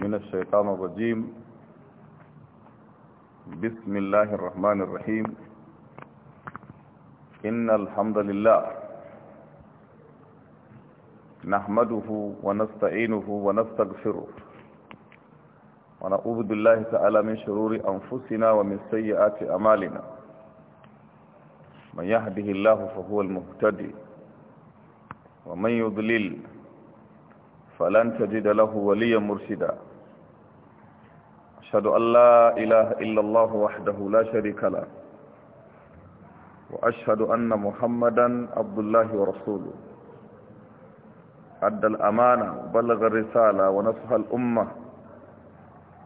من الشيطان الرجيم بسم الله الرحمن الرحيم إن الحمد لله نحمده ونستعينه ونستغفره ونعوذ بالله تعالى من شرور أنفسنا ومن سيئات أمالنا من يهده الله فهو المهتدي ومن يضلل فلن تجد له وليا مرشدا أشهد أن لا إله إلا الله وحده لا شريك له وأشهد أن محمدا عبد الله ورسوله أدى الأمانة وبلغ الرسالة ونصح الأمة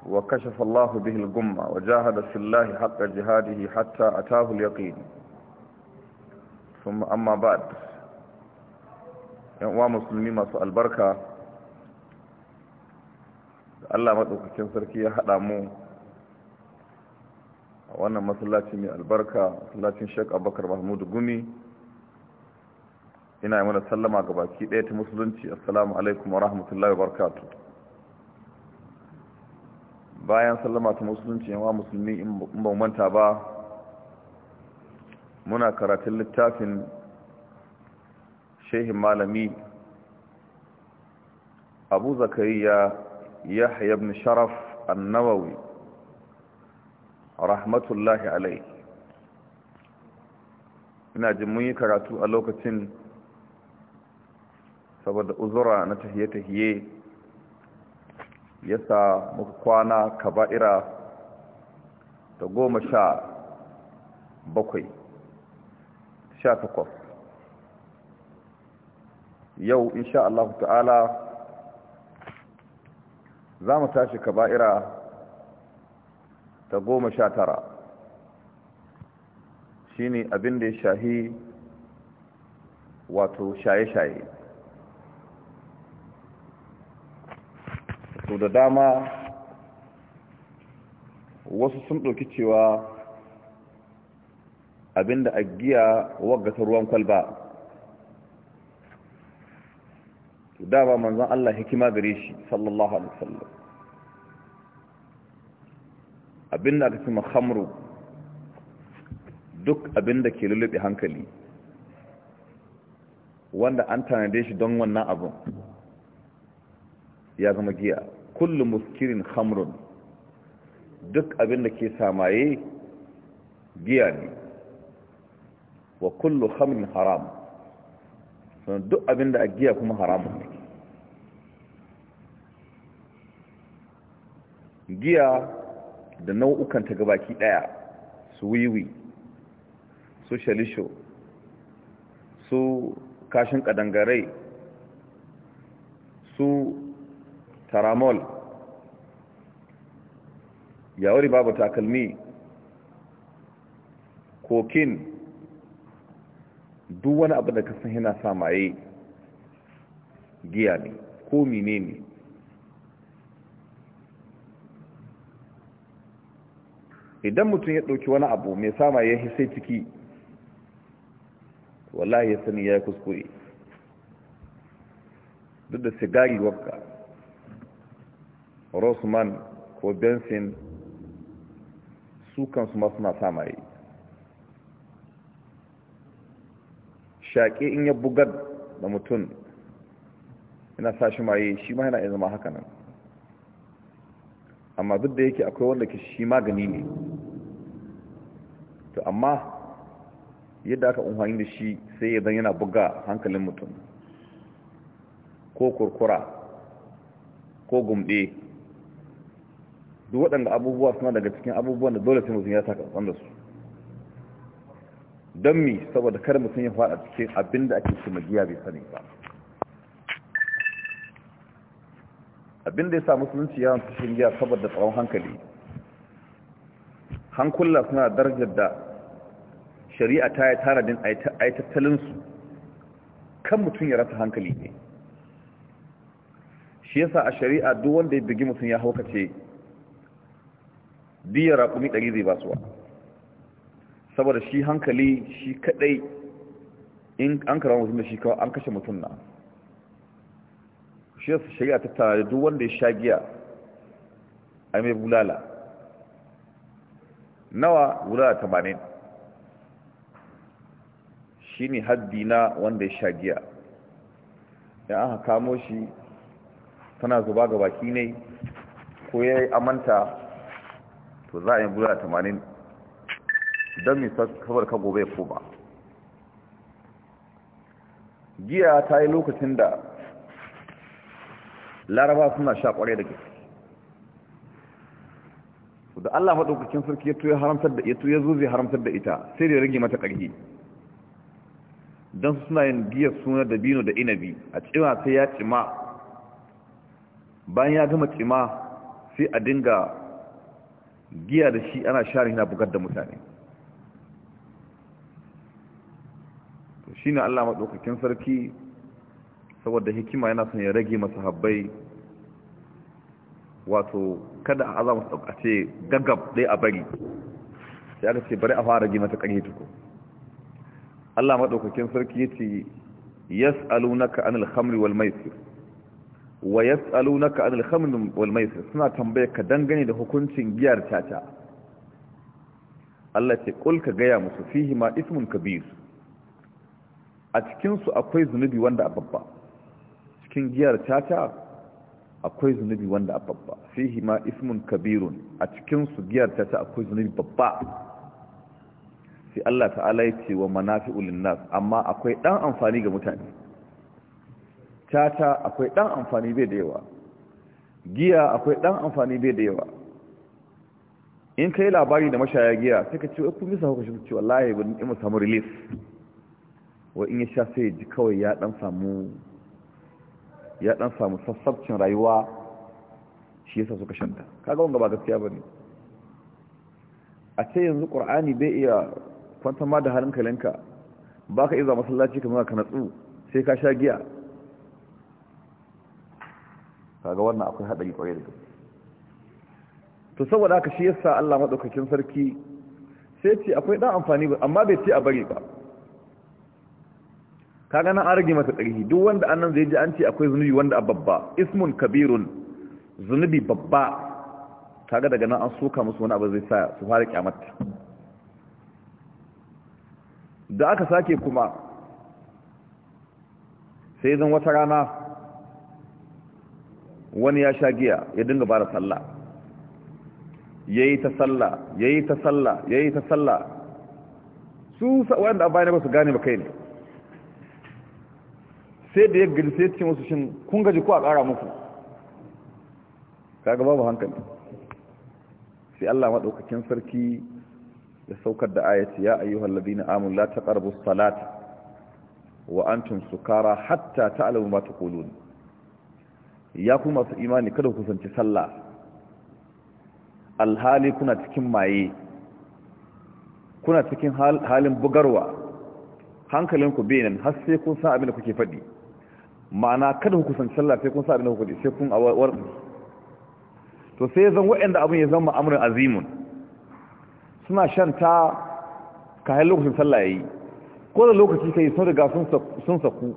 وكشف الله به الغمة وجاهد في الله حق جهاده حتى أتاه اليقين ثم أما بعد yan uwa مسؤال masu Allah maɗaukakin sarki ya haɗa mu a wannan masallaci mai albarka masallacin shek Abubakar Mahmudu Gumi ina yi mana sallama ga baki ɗaya ta musulunci assalamu alaikum wa rahmatullahi wa barkatu. bayan sallama ta musulunci yawa musulmi in ba manta ba muna karatun littafin shehin malami abu zakariya يحيى بن شرف النووي رحمة الله عليه ina jin mun karatu a lokacin saboda uzura na tahiye-tahiye yasa muka kwana kaba'ira da goma sha bakwai sha takwas yau insha Allah ta'ala za mu tashi kaba'ira ta goma sha tara shi ne abin da ya shahi wato shaye-shaye su da dama wasu sun ɗauki cewa abin da agiya wagata ruwan kwalba dama manzon Allah hikima gare shi sallallahu alaihi wasallam da aka cima khamru duk abin da ke lulluɓe hankali wanda an tanade shi don wannan abun ya zama giya kullu muskirin khamrun duk abin da ke samaye giya ne wa kullu khamrin haram duk duk da a giya kuma haramun ne giya da nau'ukan ta gabaki daya su wiwi su shalisho su kashin kadangarai su taramol yawari babu takalmi kokin duk wani abu da kasan yana samaye giya ne ko menene? idan mutum ya ɗauki wani abu mai sama ya hisse ciki wallahi ya sani ya yi kuskure duk da sigari wakka rosman ko benson su kansu masu na sama yi shaƙe in ya bugar da mutum yana sa shi maye shi ma yana yanzu zama haka nan amma duk da yake akwai wanda ke shi magani ne to amma yadda aka umfani da shi sai ya zan yana buga hankalin mutum ko kurkura ko gumbe duk waɗanda abubuwa suna daga cikin abubuwan da dole sai mutum ya taka wanda su don mi saboda kar mutum ya faɗa cikin abin da ake cima giya bai sani ba abin da ya sa musulunci yawon cikin giya saboda tsawon hankali hankula suna darajar da shari'a ta yi taradin a yi tattalinsu kan mutum ya rasa hankali ne shi yasa a shari'a duk wanda ya bugi mutum ya haukace diya raƙumi ɗari zai basuwa saboda shi hankali shi kaɗai in an karawa mutum da shi kawai an kashe mutum na shi yasa shari'a ta tara duk wanda ya sha giya a mai bulala nawa bulala tamanin shine haddi na wanda ya sha giya ya aka kamo shi tana zuba ga baki ne ko ya yi amanta to za a yi bula 80 don mai sabar ka gobe ko ba giya ta yi lokacin da laraba suna sha kware da gaske da Allah maɗaukacin sarki ya tuya haramtar da ita ya zo zai haramtar da ita sai da ya rage mata ƙarfi don suna yin giyar suna da bino da inabi a cima sai ya cima bayan ya gama cima sai a dinga giya da shi ana share yana bugar da mutane to shi ne allah maɗaukakin sarki saboda hikima yana son ya rage masa habbai wato kada a azama a ce gaggab ɗaya a bari sai aka ce bari a fara gina mata ƙarfi tuku Allah maɗaukakin sarki ya ce yas'alunaka anil khamri wal maisir wa yas'alunaka anil khamri wal maisir suna tambaye ka dangane da hukuncin giyar caca Allah ce kul ka gaya musu fihi ma ismun kabir a cikin su akwai zunubi wanda a babba cikin giyar caca akwai zunubi wanda a babba fihi ma ismun kabirun a cikin su giyar caca akwai zunubi babba sai Allah ta'ala ya ce wa manafi'ul linnas amma akwai dan amfani ga mutane tata akwai dan amfani bai da yawa giya akwai dan amfani bai da yawa in kai labari da mashaya giya sai ka ce ku misa ku shi wallahi ban in samu relief wa in ya sha sai ji kawai ya dan samu ya dan samu sassabcin rayuwa shi yasa suka shanta kaga wanga ba gaskiya bane a ce yanzu qur'ani bai iya kwantar ma da kalinka ba ka iza masallaci kamar ka natsu sai ka sha giya kaga wannan akwai haɗari ƙwarai da gaske to saboda haka shi yasa Allah madaukakin sarki sai ce akwai dan amfani amma bai ce a bari ba kaga nan an rage masa ƙarfi duk wanda annan zai ji an ce akwai zunubi wanda a babba ismun kabirun zunubi babba kaga daga nan an soka musu wani abu zai sa su fara kyamata da aka sake kuma sai zan wata rana wani ya sha giya ya dinga bara sallah ya yi ta sallah ya yi ta sallah ya yi ta sallah su wanda a bayan ba su gane ba kai ne sai da ya gaji sai cikin wasu shin kun gaji ko a ƙara muku gaba ba hankali sai Allah maɗaukakin sarki ya saukar da ayati ya ayyuhal ladina amun la taqrabu salata wa antum sukara hatta ta'lamu ma taqulun ya ku masu imani kada ku sanci sallah alhali kuna cikin maye kuna cikin halin bugarwa hankalinku benin har sai kun san abin da kuke faɗi ma'ana kada ku sanci sallah sai kun san abin da kuke sai kun a warɗi to sai zan waɗanda abin ya zama amurin azimun suna shan ta kayan lokacin sallah ya yi ko da lokaci ka yi sun riga sun saku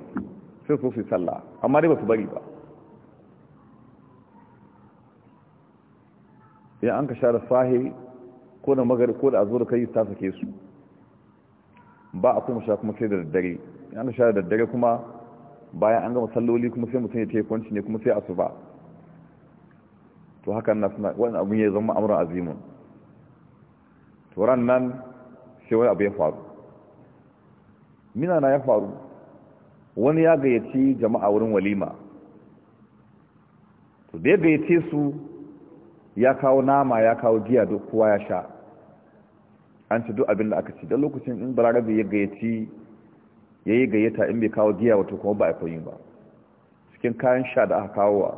sai su fi sallah amma dai ba su bari ba ya an ka share sahi ko da magari ko da azur kai ta sake su ba a kuma sha kuma sai da daddare ya an ka share daddare kuma bayan an gama salloli kuma sai mutum ya ce kwanci ne kuma sai asuba to haka na suna wani abin ya zama amuran azimun turan nan sai wani abu ya faru mina na ya faru wani ya gayyaci jama'a wurin walima to da ya gayyace su ya kawo nama ya kawo giya duk kowa ya sha an ci duk abin da aka ci don lokacin in balarabe ya gayyaci ya yi gayyata in bai kawo giya wato kuma ba a koyi ba cikin kayan sha da aka kawo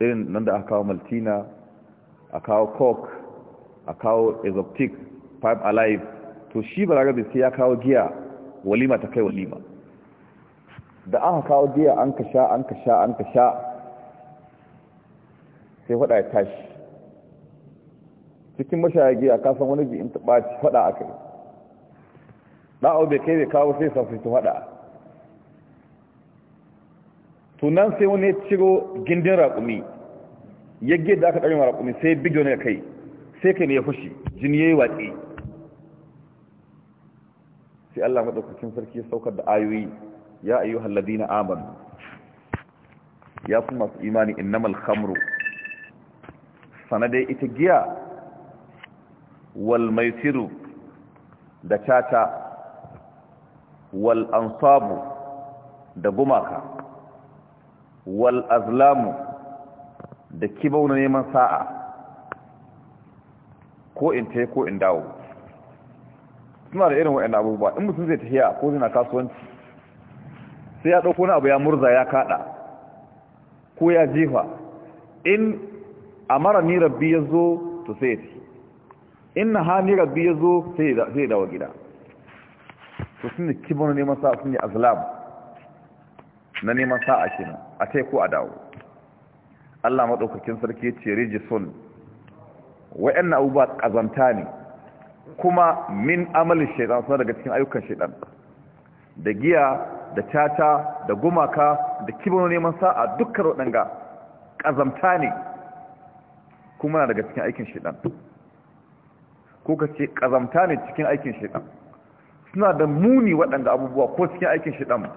irin nan da aka kawo maltina a kawo coke a kawo exoptic five alive to shi balarabe sai ya kawo giya walima ta kai walima da aka kawo giya an ka sha an ka sha an ka sha sai faɗa ya tashi cikin mashaya giya kasan wani ji in taɓa faɗa a kai ɗa'o bai kai bai kawo sai safi ta faɗa tunan sai wani ya ciro gindin raƙumi yagge da aka ɗari ma raƙumi sai bigiyo ne kai sai kai ne ya fushi jini ya yi watsi sai Allah madaukakin sarki ya saukar da ayoyi ya ayyuhal ladina amanu ya fi masu imani innamal khamru sanadai ita giya wal maisiru da caca wal ansabu da gumaka wal azlamu da kibau na neman sa'a ko in ta ko in dawo suna da irin wa'in abubuwa in mutum zai tafiya ko zina kasuwanci sai ya ɗauko na abu ya murza ya kaɗa ko ya jefa in a mara ni rabbi ya zo to sai ya in na ha ni rabbi ya zo sai ya dawo gida to sun da kibon neman sa'a sun ne azlam na neman sa'a kenan a ta ko a dawo Allah maɗaukakin sarki ce rijison wa'annan abubuwa ƙazanta ne kuma min amalin shaitan suna daga cikin ayyukan shaitan da giya da tata da gumaka da kibano neman sa'a dukkan waɗanga ƙazanta ne kuma na daga cikin aikin shaitan ko ka ce ƙazanta ne cikin aikin shaitan suna da muni waɗanda abubuwa ko cikin aikin shaitan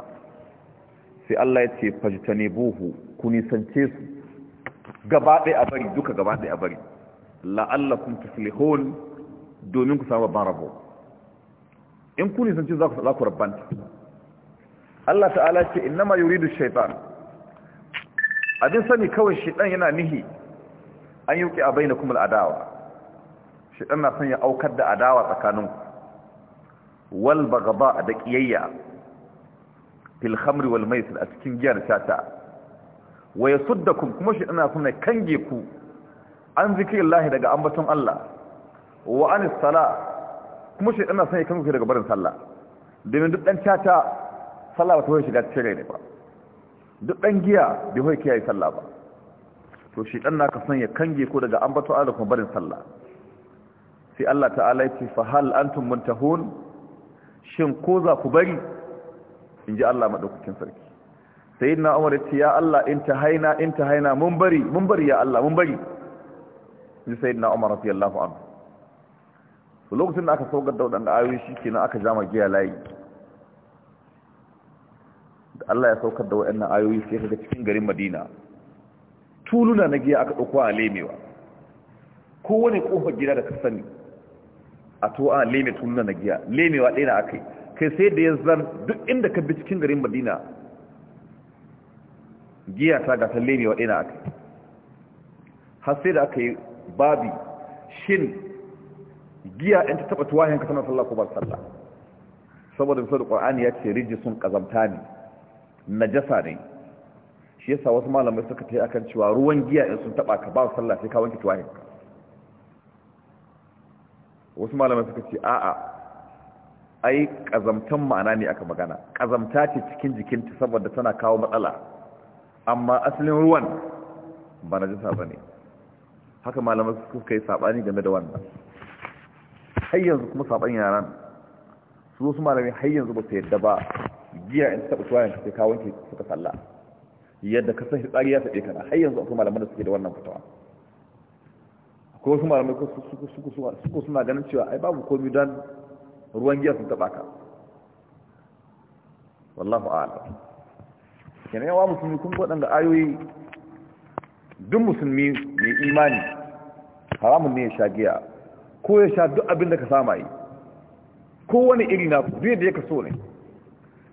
sai Allah ya ce buhu ku nisance su gaba ɗaya a bari duka gaba ɗaya a bari la'allakum tuflihun domin ku samu babban rabo in ku nisanci za ku ku rabbanta Allah ta'ala ce innama yuridu shaitan abin sani kawai shaitan yana nihi an yuki a bainakum al'adawa shaitan na son ya aukar da adawa tsakaninku wal bagaba da kiyayya fil khamri wal maisir a cikin giyar tata wa yasuddakum kuma shaitan na son ya kange ku an zikirin lahi daga ambaton Allah wa an sala kuma shi ɗana sanya kan daga barin sallah domin duk ɗan caca sallah ba ta hoyi shiga cikin rai ne ba duk ɗan giya bai hoyi kiyaye sallah ba to shi ɗan naka sanya kange ko daga ambaton Allah kuma barin sallah sai Allah ta'ala ya ce fa hal antum muntahun shin ko za ku bari in ji Allah madaukakin sarki sayyidina Umar ya ce ya Allah in ta haina in ta mun bari mun bari ya Allah mun bari sai sayyidina Umar radiyallahu anhu to lokacin da aka saukar da waɗanda ayoyi shikenan aka jama giya layi da Allah ya saukar da wadannan ayoyi sai kaga cikin garin Madina tuluna na giya aka dauko a lemewa kowane kofar gida da ka sani a to a leme tuluna na giya lemewa ɗaya na akai kai sai da ya zan duk inda ka bi cikin garin Madina giya ta ga ta lemewa ɗaya na akai har sai da aka yi babi shin giya in ta taba tuwahin ka tana sallah ko ba sallah saboda bisa da qur'ani ya ce rijisun ƙazamta ne na jasa ne shi yasa wasu malamai suka yi akan cewa ruwan giya in sun taba ka ba su sallah sai ka wanke tuwahin wasu malamai suka ce a'a ai ƙazamtan ma'ana ne aka magana Ƙazamta ce cikin jikinta saboda tana kawo matsala amma asalin ruwan ba najasa ne haka malamai su kai sabani game da wannan har yanzu kuma sabon yaran su wasu malamai har yanzu ba su yadda ba giya in taɓa tuwayen yanzu sai ka wanke suka salla yadda ka san tsari ya taɓe kana har yanzu akwai malamai da suke da wannan fitawa akwai wasu malamai suko suna ganin cewa ai babu komi don ruwan giya sun taɓa ka wallahu a'lam kenan yawa musulmi kun waɗanda ayoyi duk musulmi mai imani haramun ne ya sha giya ko ya sha duk abin da ka sama yi ko wani iri na duk da ya kaso ne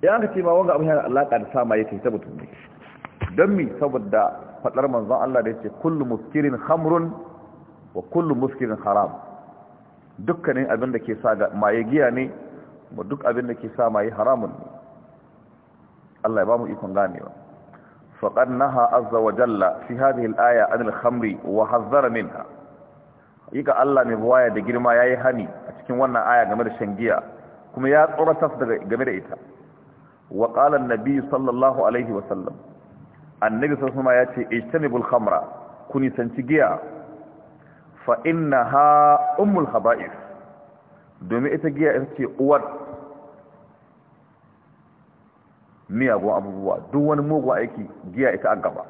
ya an ka ce ma wanga abin yana alaka da sama yake ta mutum ne don mi saboda faɗar manzon Allah da ya ce kullum muskirin hamrun wa kullum muskirin haram dukkanin abin da ke sa ga maye giya ne ba duk abin da ke sa maye haramun ne Allah ya ba mu ikon ganewa faqad naha azza wa jalla fi hadhihi al-aya anil khamri wa yi Allah mai buwaya da girma ya yi hani a cikin wannan aya game da shan giya kuma ya tsoratar daga game da ita wa qala nabi sallallahu alaihi wa sallam annabi sallallahu ya ce ijtanibul khamra ku nisanci giya fa ha umul haba'ir domin ita giya ita ce uwar miyagun abubuwa duk wani mugun aiki giya ita a gaba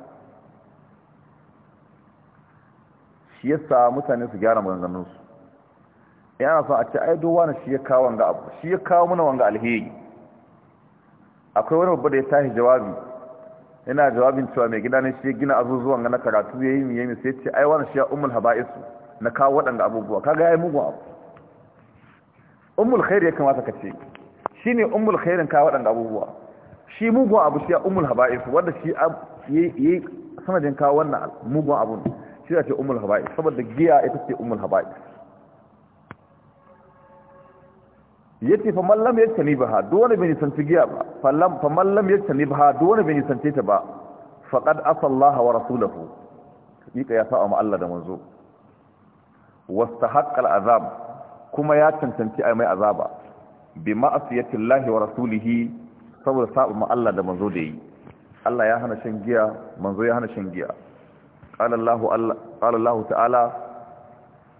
shi yasa mutane su gyara maganganunsu yana son a ce ai duk wani shi ya kawo wanga abu shi ya kawo muna wanga alheri akwai wani babba da ya tashi jawabi yana jawabin cewa mai gida ne shi gina azuzuwan ga na karatu ya yi ya yi sai ce ai wani shi ya umul haba'isu na kawo waɗanda abubuwa ga ya yi mugun abu umul Khairi ya kamata ka ce shi ne umul khairin kawo waɗanda abubuwa shi mugun abu shi ya umul haba'isu wanda shi ya yi sanadin kawo wannan mugun abu ne shi ce Umar haba'is saboda giya ita ce umul haba'is yace fa mallam ya tani ba duk wani bai nisanci giya ba fallam fa mallam ya tani ba duk wani bai nisanci ta ba faqad asallaha wa rasulahu hakika ya sa'a ma Allah da manzo wastahaqqa azab kuma ya cancanci ai mai azaba bi ma'asiyati Allah wa rasulihi saboda sa'a ma Allah da manzo da yi Allah ya hana shan giya manzo ya hana shan giya قال الله قال الله تعالى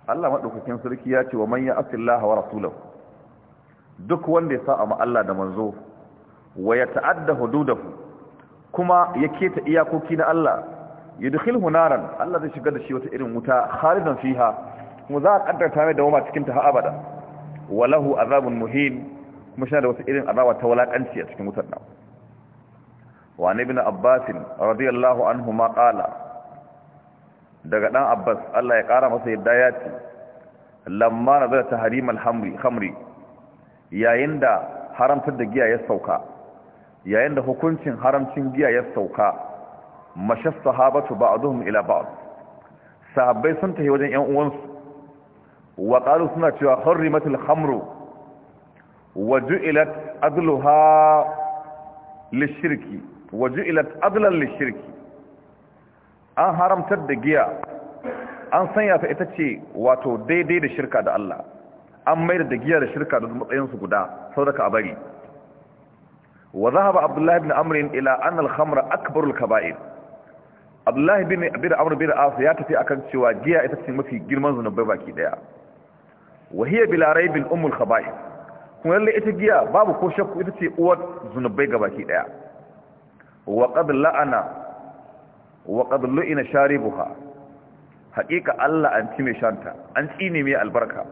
Allah madaukakin sarki ya ce wa man ya'ti Allah wa rasulahu duk wanda ya sa'a ma Allah da manzo wa yata'adda hududahu kuma ya keta iyakoki na Allah yadkhilhu naran Allah zai shiga da shi wata irin wuta khalidan fiha kuma za a kaddarta mai dawama cikin ta abada wa lahu azabun muhin kuma shi da wata irin azaba ta walakanci a cikin wutar nan wa ibn abbas radiyallahu anhu ma qala daga dan abbas Allah ya kara masa yadda ya ce lamma nazar tahrim al-khamri yayin da haramtar da giya ya sauka yayin da hukuncin haramcin giya ya sauka mashas sahabatu ba'dhum ila ba'd sahabbai sun tafi wajen ƴan uwansu wa qalu suna cewa hurrimatul khamru wa ju'ilat adluha lishirki wa ju'ilat adlan lishirki an haramtar da giya an sanya ta ita ce wato daidai da shirka da Allah an mai da giya da shirka da matsayinsu guda sauraka a bari wa zahaba abdullahi ibn amr ila an al akbarul kaba'ir abdullahi ibn abd amr bin as ya tafi akan cewa giya ita ce mafi girman zunubai baki daya wa hiya bila raib al kuma lalle ita giya babu ko shakku ita ce uwar zunubai gabaki daya wa qad la'ana wa qad lu'ina sharibuha Haƙiƙa Allah an ci mai shanta an tsine mai albarka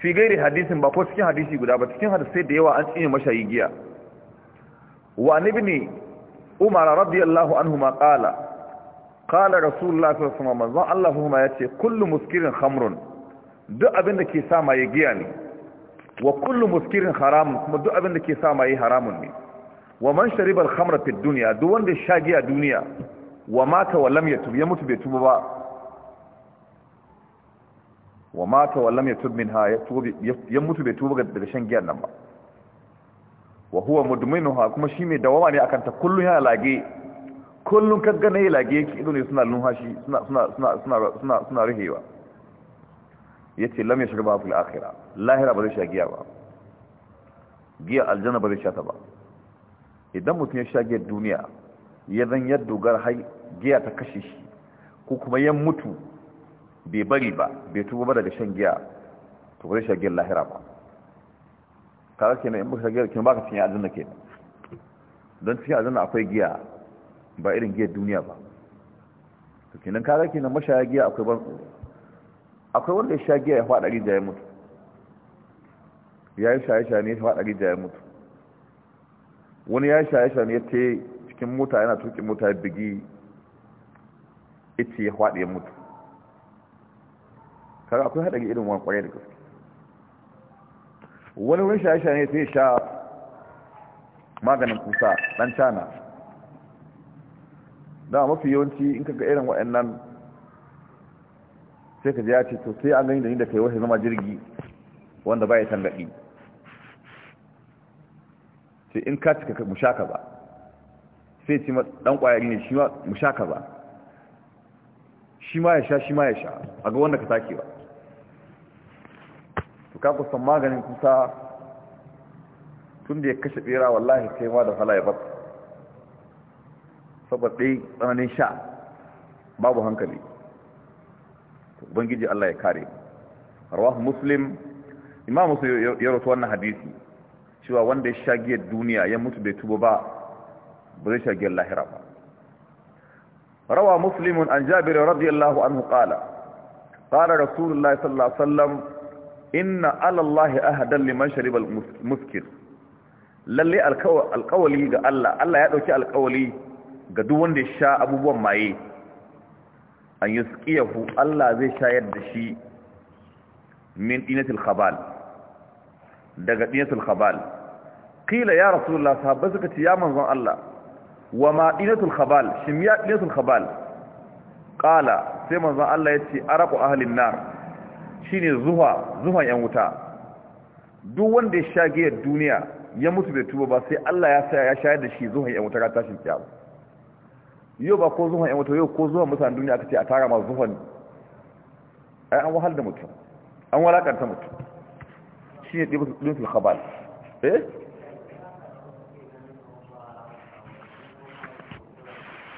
fi gairi hadisin ba ko cikin hadisi guda ba cikin hadisai da yawa an tsine mashayi giya wa ibn umar radiyallahu anhuma qala qala rasulullah sallallahu alaihi wasallam Allah kuma yace kullu muskirin khamrun duk abinda ke sa giya ne wa kullu muskirin haramun kuma duk abinda da ke sa maye haramun ne wa man shariba al-khamra fi dunya duk wanda ya sha giya duniya wa mata wa lam yatub ya mutu bai tuba ba wa mata wa lam yatub minha ya mutu bai tuba daga shan giyar nan ba wa huwa mudminuha kuma shi mai dawama ne akan ta kullun yana lage kullun kaga ne lage yake ido ne suna lunhashi suna suna suna suna suna suna rihewa yace lam yashrabu fil akhirah lahira ba zai sha giya ba giya aljanna ba zai sha ta ba idan mutum ya sha giyar duniya ya zan ya dogara hai giya ta kashe shi ko kuma yan mutu bai bari ba bai tuba ba daga shan giya to ba zai sha lahira ba kawo kenan in baka sha giyar kenan baka cinye aljanna ke don cikin aljanna akwai giya ba irin giyar duniya ba to kenan kawo kenan mashaya giya akwai ban tsoro akwai wanda ya sha giya ya faɗa rija ya mutu ya yi shaye-shaye ne ya faɗa rija ya mutu wani ya yi shaye-shaye ne ya ce cikin mota yana tuƙin mota ya bigi ita ya faɗi ya mutu kaga akwai haɗari irin wani ƙwarai da gaske wani wurin shaye-shaye sai sha maganin kusa ɗan cana da mafi yawanci in kaga irin waɗannan sai ka ji ya ce to sai an gani da ni da kai wasu zama jirgi wanda ba ya tangaɗi sai in ka cika mushaka ba sai ci ɗan ƙwayari ne shi ma mushaka ba shi ma ya sha shi ma ya sha a ga wanda ka take ba to ka kusan maganin kusa tun da ya kashe bera wallahi sai ma da hala ya bata saboda ɗai tsananin sha babu hankali ubangiji Allah ya kare rawahu muslim imam muslim ya rawaito wannan hadisi cewa wanda ya sha giyar duniya ya mutu bai tuba ba ba zai sha giyar lahira ba روى مسلم عن جابر رضي الله عنه قال قال رسول الله صلى الله عليه وسلم إن على الله أهدا لمن شرب المسكر lalle alkawali ga Allah Allah ya ɗauki alkawali ga duk wanda ya sha abubuwan maye an yusqiyahu Allah zai shayar da shi min dinatil khabal daga dinatil khabal ya rasulullah sahabbai suka ya manzon Allah wa madinatul khabal shimya dinatul khabal qala sai manzo Allah yace araqu ahlin nar shine zuha zuha yan wuta duk wanda ya shage duniya ya mutu bai tuba ba sai Allah ya sa ya shayar da shi zuha yan wuta ga tashin kiyama yau ba ko zuha yan wuta yau ko zuha mutanen duniya aka ce a tara ma zuhan ai an wahal da mutum an walakanta mutum shine dinatul khabal eh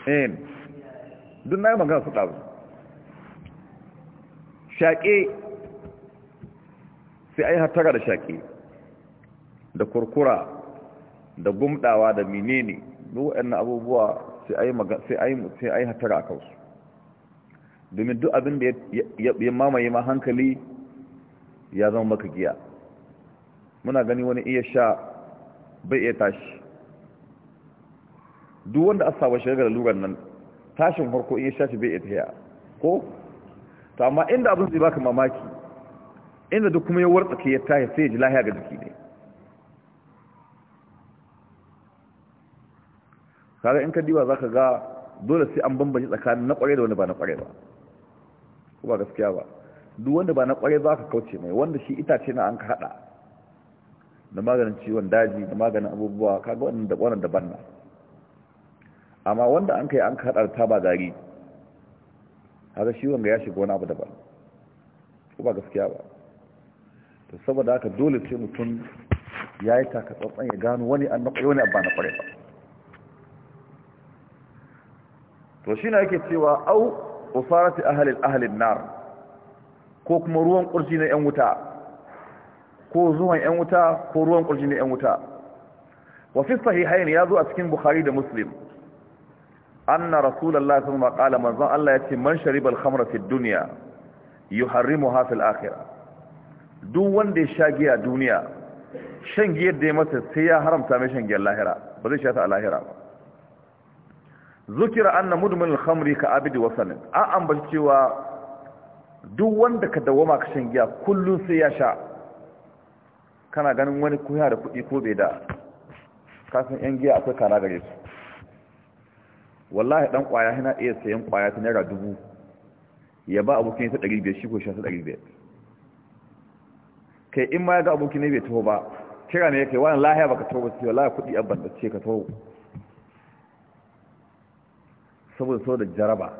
in duk na yi magana su ɗazu shaƙe sai a yi hattara da shaƙe da kurkura da gumɗawa da menene duk abubuwa sai a yi hattara a kansu domin duk abin da ya mamaye ma hankali ya zama maka giya muna gani wani iya sha bai iya tashi duk wanda a saba shiga da nan tashin farko in ya shafi bai ita ya ko to amma inda abin zai baka mamaki inda duk kuma ya warta ke ya tahi sai ya ji lahiya ga jiki ne kaga in ka diba zaka ga dole sai an bambanci tsakanin na kware da wanda ba na kware ba ko ba gaskiya ba duk wanda ba na kware ba ka kauce mai wanda shi itace na an ka hada da maganin ciwon daji da maganin abubuwa kaga wannan da wannan daban na amma wanda an kai an kaɗar ta ba gari haka shi wanga ya shiga wani abu daban ko ba gaskiya ba to saboda haka dole ce mutum ya yi takatsantsan ya gano wani an na wani abba na ƙwarai ba to shi na yake cewa au usarati ahalin ahalin nar ko kuma ruwan ƙurji na 'yan wuta ko zuwan 'yan wuta ko ruwan ƙurji na 'yan wuta wafi sahihain ya zo a cikin bukhari da muslim anna rasulullahi sallallahu alaihi wasallam manzon Allah ya ce man sharibal khamra fid dunya yuharrimuha hafi akhirah duk wanda ya sha giya duniya shan giyar da ya masa sai ya haramta mai shan giyar lahira ba zai sha ta a lahira ba zukira anna mudmin al-khamri ka abidi wasanin an ambaci cewa duk wanda ka dawama ka shan giya kullun sai ya sha kana ganin wani kuya da kuɗi ko bai da kasan yan giya akwai kana gare su wallahi dan kwaya yana iya sayan kwaya ta naira dubu ya ba abokin ta ɗari shi ko shi ta ɗari biyar kai in ma ya ga abokin ne bai taho ba kira ne ya kai wani lahiya baka taho ba sai wallahi kuɗi abban da ce ka taho saboda so da jaraba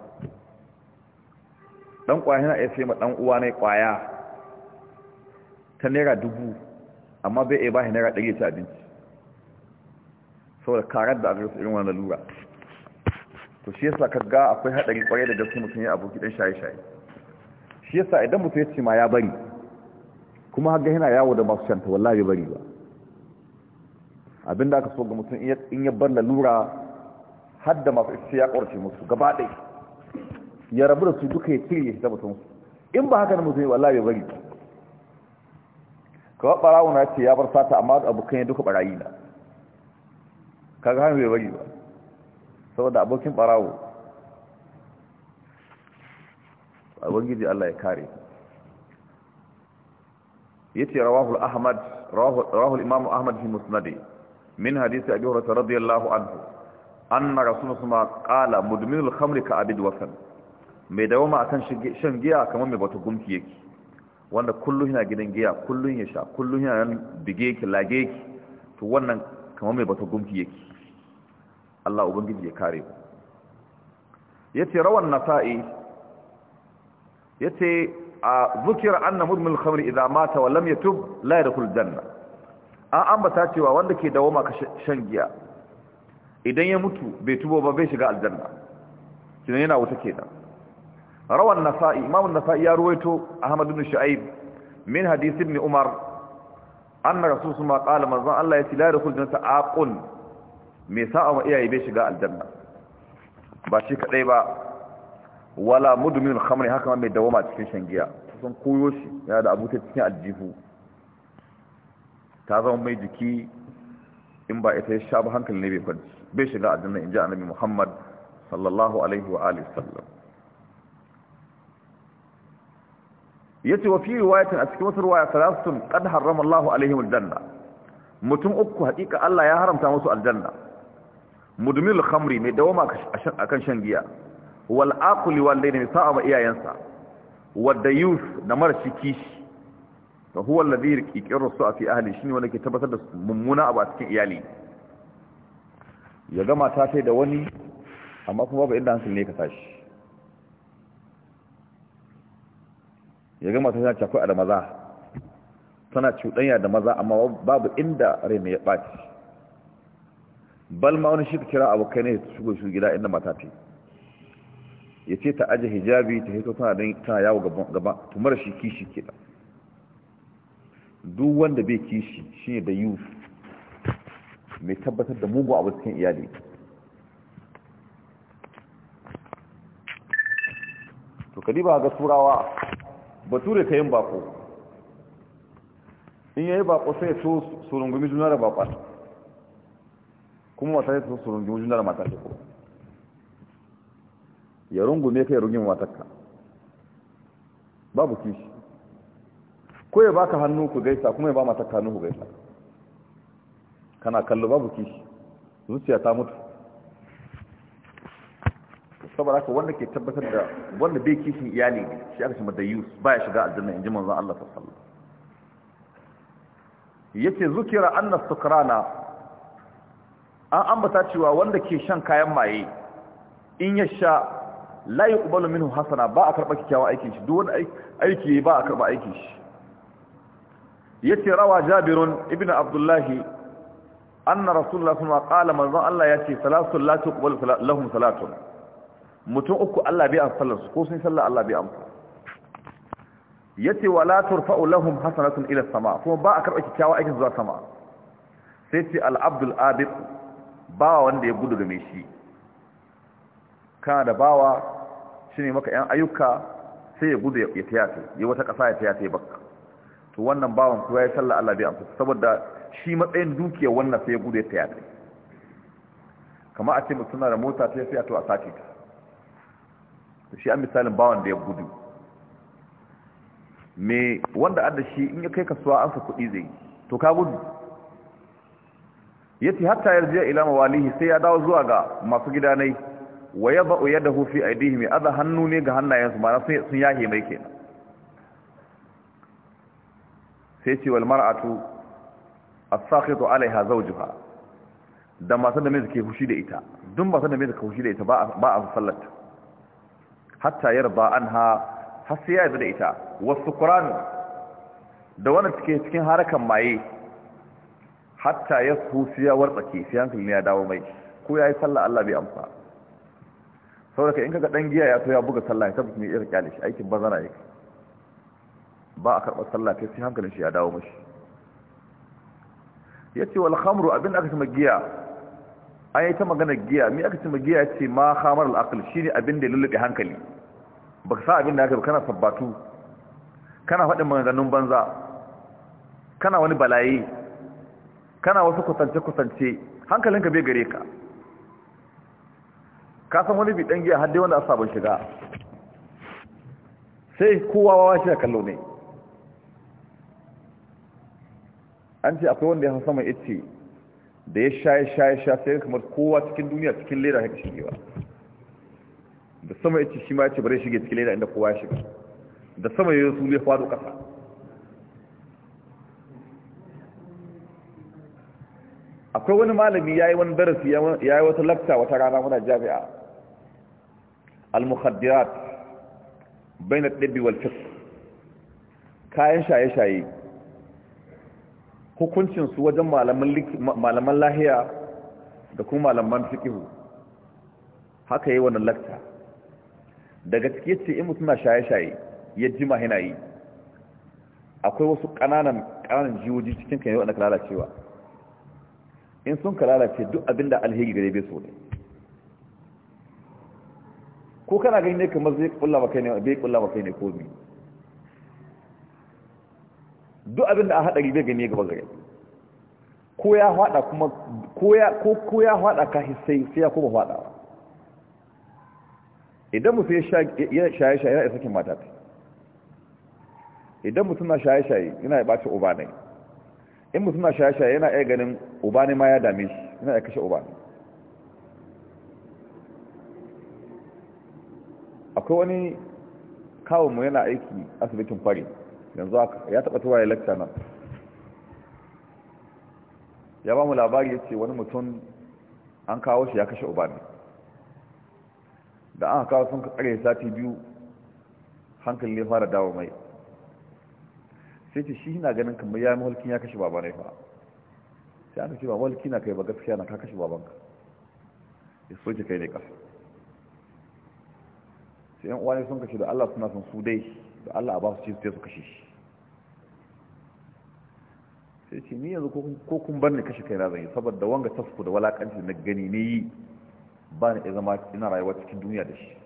dan kwaya yana iya sai ma dan uwa ne kwaya ta naira dubu amma bai iya ba shi naira ɗari ta abinci saboda karar da aka rasa irin wani lura to shi yasa kaga akwai hadari kwarai da gaske mutum ya aboki dan shaye-shaye shi yasa idan mutum ya ce ma ya bari kuma haga yana yawo da masu shanta wallahi bari ba abinda aka so ga mutum in ya bar lalura har da masu ishe ya ƙwarce musu gaba ɗai ya rabu da su duka ya kiri ya ta mutum. in ba haka na mutum wallahi ya bari kawai ɓarawuna ya ce ya bar sata amma abokan ya duka ɓarayi na kaga hannu ya bari ba saboda abokin barawo abangiji Allah ya kare yace rawahu ahmad rawahu imam ahmad fi musnadi min hadisi abi hurairah radiyallahu anhu anna rasulullah qala mudminul khamri ka abid wasan mai dawoma akan shan giya kamar mai bata gumki yake wanda kullu yana gidan giya kullu ya sha kullun yana bige yake lage yake to wannan kamar mai bata gumki yake Allah ubangiji ya kare mu yace rawan nasa'i yace a zukira anna mudmil khamri idza mata wa lam yatub la yadkhul janna an ambata cewa wanda ke dawoma ka shan giya idan ya mutu bai tubo ba bai shiga aljanna kina yana wuta kenan rawan nasa'i imam an-nasa'i ya ruwaito ahmad ibn shu'aib min hadith ibn umar anna rasul sama qala manzon Allah ya tilare kul jannata aqul mai sa'a ma iyaye bai shiga aljanna ba shi kadai ba wala mudumin khamri haka ma mai dawama cikin shan giya kusan koyo shi yana da abuta cikin aljihu ta zama mai jiki in ba ita ya sha ba hankali ne bai kwanci bai shiga aljanna in ji annabi muhammad sallallahu alaihi wa alihi sallam yace wa fi riwayatin a cikin wasu riwaya salatun qad harrama Allahu alaihim aljanna mutum uku hakika Allah ya haramta musu aljanna mudumin khamri mai dawoma a kan shan giya wal aqli wal dayni sa'a ma iyayensa wadda yus da ciki kishi fa huwa alladhi yaqiru su'a fi ahli shine wanda ke tabbatar da mummuna abu a cikin iyali ya gama ta sai da wani amma kuma ba inda hankali ne ka tashi ya gama ta sai ta akwai da maza tana cuɗanya da maza amma babu inda rai mai ya baci bal ma wani shi ta kira abokai ne su shigo gida inda mata ta ya ce ta aji hijabi ta hito tana don ta yawo gaba ta mara shi kishi ke da duk wanda bai kishi shi ne da yiwu mai tabbatar da mugu abu cikin iyali to kadiba ga turawa ture ta yin bako in yayi bako sai ya so surungumi juna da bakon kuma mata su su rungumi juna da mata ko ya rungume ka ya rungume matarka babu kishi ko ya baka hannu ku gaisa kuma ya ba matarka hannu ku gaisa kana kallo babu kishi zuciya ta mutu saboda haka wanda ke tabbatar da wanda bai kishin iyali ne shi aka shima da yus ya shiga aljanna in ji manzan Allah sallallahu yake zukira annas sukrana an ambata cewa wanda ke shan kayan maye in ya sha layi ubalu minhu hasana ba a karɓa kyakkyawan aikin shi duk wani aiki ba a karɓa aikin shi ce rawa jabirun Ibn abdullahi anna rasulullah kuma qala manzon Allah ya yace salatu la tuqbal lahum salatu mutum uku Allah bai an sallar su ko sun sallar Allah bai ce wa wala turfa'u lahum hasanatun ila sama kuma ba a karɓa kyakkyawan aikin zuwa sama sai ce Al'abdul abdul abid bawa wanda ya gudu game shi kana da bawa shi ne maka 'yan ayyuka sai ya gudu ya tiyata ya wata ƙasa ya tiyata ya baka to wannan bawan kuwa ya sallah Allah bai amsa saboda shi matsayin dukiyar wannan sai ya gudu ya tiyata kama a ce mutum na da mota ta sai a to a sace ta Da shi an misalin bawan da ya gudu me wanda adda shi in ya kai kasuwa an sa kuɗi zai to ka gudu yace hatta yarjiya ila mawalihi sai ya dawo zuwa ga masu gidanai wa yaba'u yadahu fi aydihim adha hannu ne ga hannayensu ma sun yahe mai kenan sai ce wal mar'atu as-sakhitu 'alayha zawjuha da masu da mai ke fushi da ita dun masu da mai ke fushi da ita ba ba a sallata hatta yarda anha har sai ya yarda da ita wasu qur'an da wannan take cikin harakan maye hatta ya husu ya wartsake sai hankali ya dawo mai ko ya yi sallah Allah bai amsa saboda in kaga dan giya ya so ya buga sallah ya tabbata ne irin kyale shi aikin bazara yake ba a karɓar sallah kai sai hankalin shi ya dawo mashi ce wal khamru abin aka ce giya an yi ta magana giya me aka ce giya ce ma khamar al shi ne abin da lullube hankali ba ka sa abin da aka kana sabbatu kana faɗin maganganun banza kana wani balaye kana wasu kusance-kusance hankalinka bai gare ka ka san wani bi ɗan giya wanda a sabon shiga sai kowa wawa shi a kallo ne an ce akwai wanda ya san sama ita da ya sha ya sha ya sha sai kamar kowa cikin duniya cikin lera haka shigewa da sama ita shi ma ya ce bare shige cikin lera inda kowa ya shiga da sama ya yi su ne faɗo ƙasa akwai wani malami ya yi wani darasi ya yi wata lafta wata rana muna jami'a al-mukhaddirat bai na ɗabi wal kayan shaye-shaye Hukuncinsu wajen malaman lahiya da kuma malaman fikihu. haka yi wani lafta daga cikin ce in mutum na shaye-shaye ya jima mahina yi akwai wasu ƙananan jiwoji cikin kan wa na lalacewa in sun ka lalace duk abinda alheri gare bai so ne ko kana gani ne kamar zai kulla ba kai ne bai kulla ba kai ne mi duk abinda a hadari bai gani gaba gare ko ya hada kuma ko ya ko ko ya hada ka sai sai ya kuma hada idan mutum ya shaye shaye ya sakin mata idan mutum na shaye shaye yana ya bace uba ne in mutum na shaye-shaye yana iya ganin uba ne ma ya dame shi yana iya kashe uba ne akwai wani kawunmu yana aiki asibitin fari yanzu aka ya taɓa tuwa ya lakta nan ya ba mu labari ya ce wani mutum an kawo shi ya kashe uba ne da an kawo sun kare sati biyu hankali ne fara dawo mai sai ce shi na ganin kamar ya mulkin ya kashe baba ne fa sai aka ce ba mulki na kai ba gaskiya na ka kashe babanka ya soke kai ne kasa sai yan uwa ne sun kashe da Allah suna son su dai da Allah a ba su ce sai su kashe shi sai ce ni yanzu ko kun bar ni kashe kai na zan yi saboda wanga tasku da walakanci na gani ne yi ba ni zama ina rayuwa cikin duniya da shi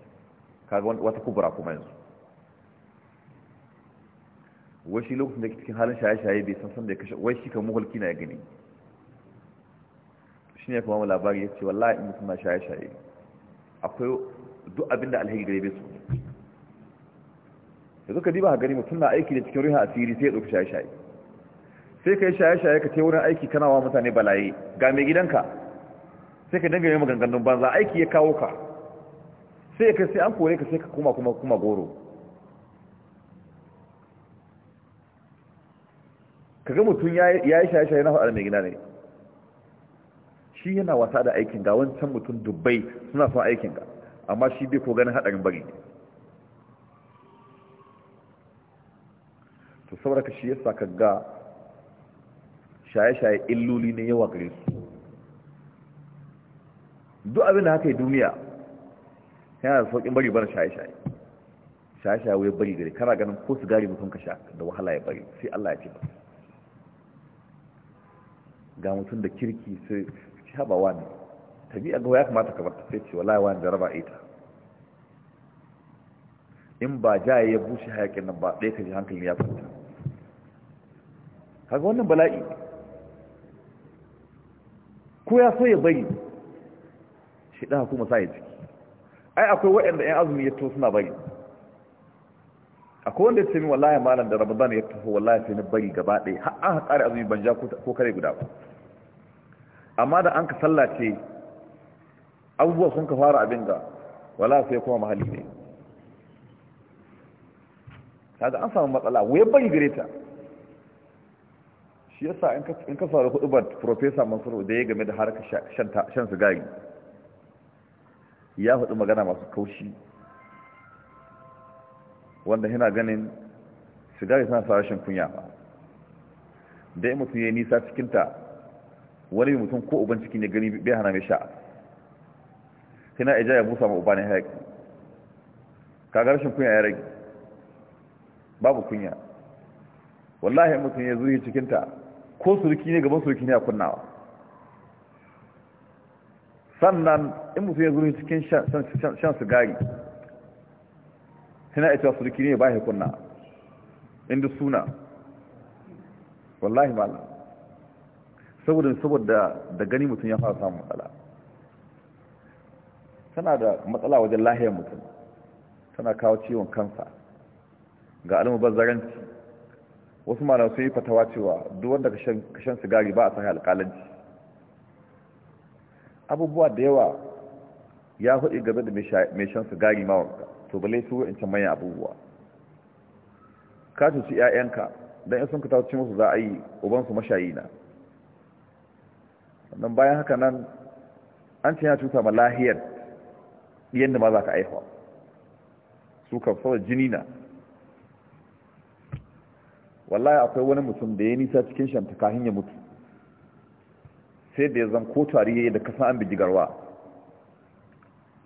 kaga wata kubura kuma yanzu wai shi lokacin da ke cikin halin shaye-shaye bai san san da ya kashe wai shi kan muhulki na ya gani shi ne kuma labari ya ce wallah in mutum na shaye-shaye akwai duk abin da alheri gare bai su da suka diba gani mutum na aiki da cikin ruhin asiri sai ya ɗauki shaye-shaye sai ka yi shaye-shaye ka ce wurin aiki kana wa mutane balaye ga mai gidanka sai ka dangane maganganun banza aiki ya kawo ka sai ka sai an kore ka sai ka kuma kuma kuma goro kaga mutum ya yi shaye-shaye na faɗa mai gina ne shi yana wasa da aikin ga wancan mutum dubbai suna son aikin ga amma shi bai ko ganin haɗarin bari ne to saboda ka shi yasa ka ga shaye-shaye illoli ne yawa gare su duk abin da haka yi duniya yana da sauƙin bari bana shaye-shaye shaye-shaye wai bari gare kana ganin ko sigari mutum ka sha da wahala ya bari sai Allah ya ce ba ga mutum da kirki sai haɓa wani tabi'a ga ya kamata ka ta sai cewa wallahi wani jaraba ita in ba jaye ya bushe hayakin nan ba ɗaya ka ji hankali ya fita haka wannan bala'i ko ya so ya bari shi ɗan hukuma sa ya ciki ai akwai waɗanda 'yan azumi ya to suna bari akwai wanda ya ce min wallahi malam da ramadan ya taho wallahi sai na bari gaba ɗaya har an haƙari a ban ja ko kare guda ba amma da an ka sallace abubuwa sun ka fara abin ga wallahi sai kuma mahalli ne kaga an samu matsala wai bari gare ta shi yasa in ka faru hudu ba professor mansur da ya game da harkar shan sigari ya hudu magana masu kaushi wanda yana ganin sigari suna sa rashin kunya ba da mutum ya nisa cikinta wani mutum ko uban cikin ya gani bai hana mai sha suna na ija ya busa ma ubanin hayaki kaga rashin kunya ya rage babu kunya wallahi mutum ya zuhi cikinta ko suruki ne gaban suruki ne a kunnawa sannan in mutum ya zuhi cikin shan sigari hina ita surki ne ba kunna inda suna wallahi malam saboda saboda da gani mutum ya fara samun matsala tana da matsala wajen lahiyar mutum tana kawo ciwon kansa ga alamu bazzaranci wasu malam sun yi fatawa cewa duk wanda ka shan sigari ba a sahi alƙalanci abubuwa da yawa ya hudu game da mai shan sigari mawanka to balai su can manyan abubuwa ka cuci 'ya'yanka don in sun ka tauci musu za a yi ubansu mashayi na sannan bayan haka nan an ce ya cuta ma lahiyar yadda ma za ka aihuwa su ka saboda jini na wallahi akwai wani mutum da ya nisa cikin shanta kahin ya mutu sai da ya zan ko tari ya yi da kasan an bijigarwa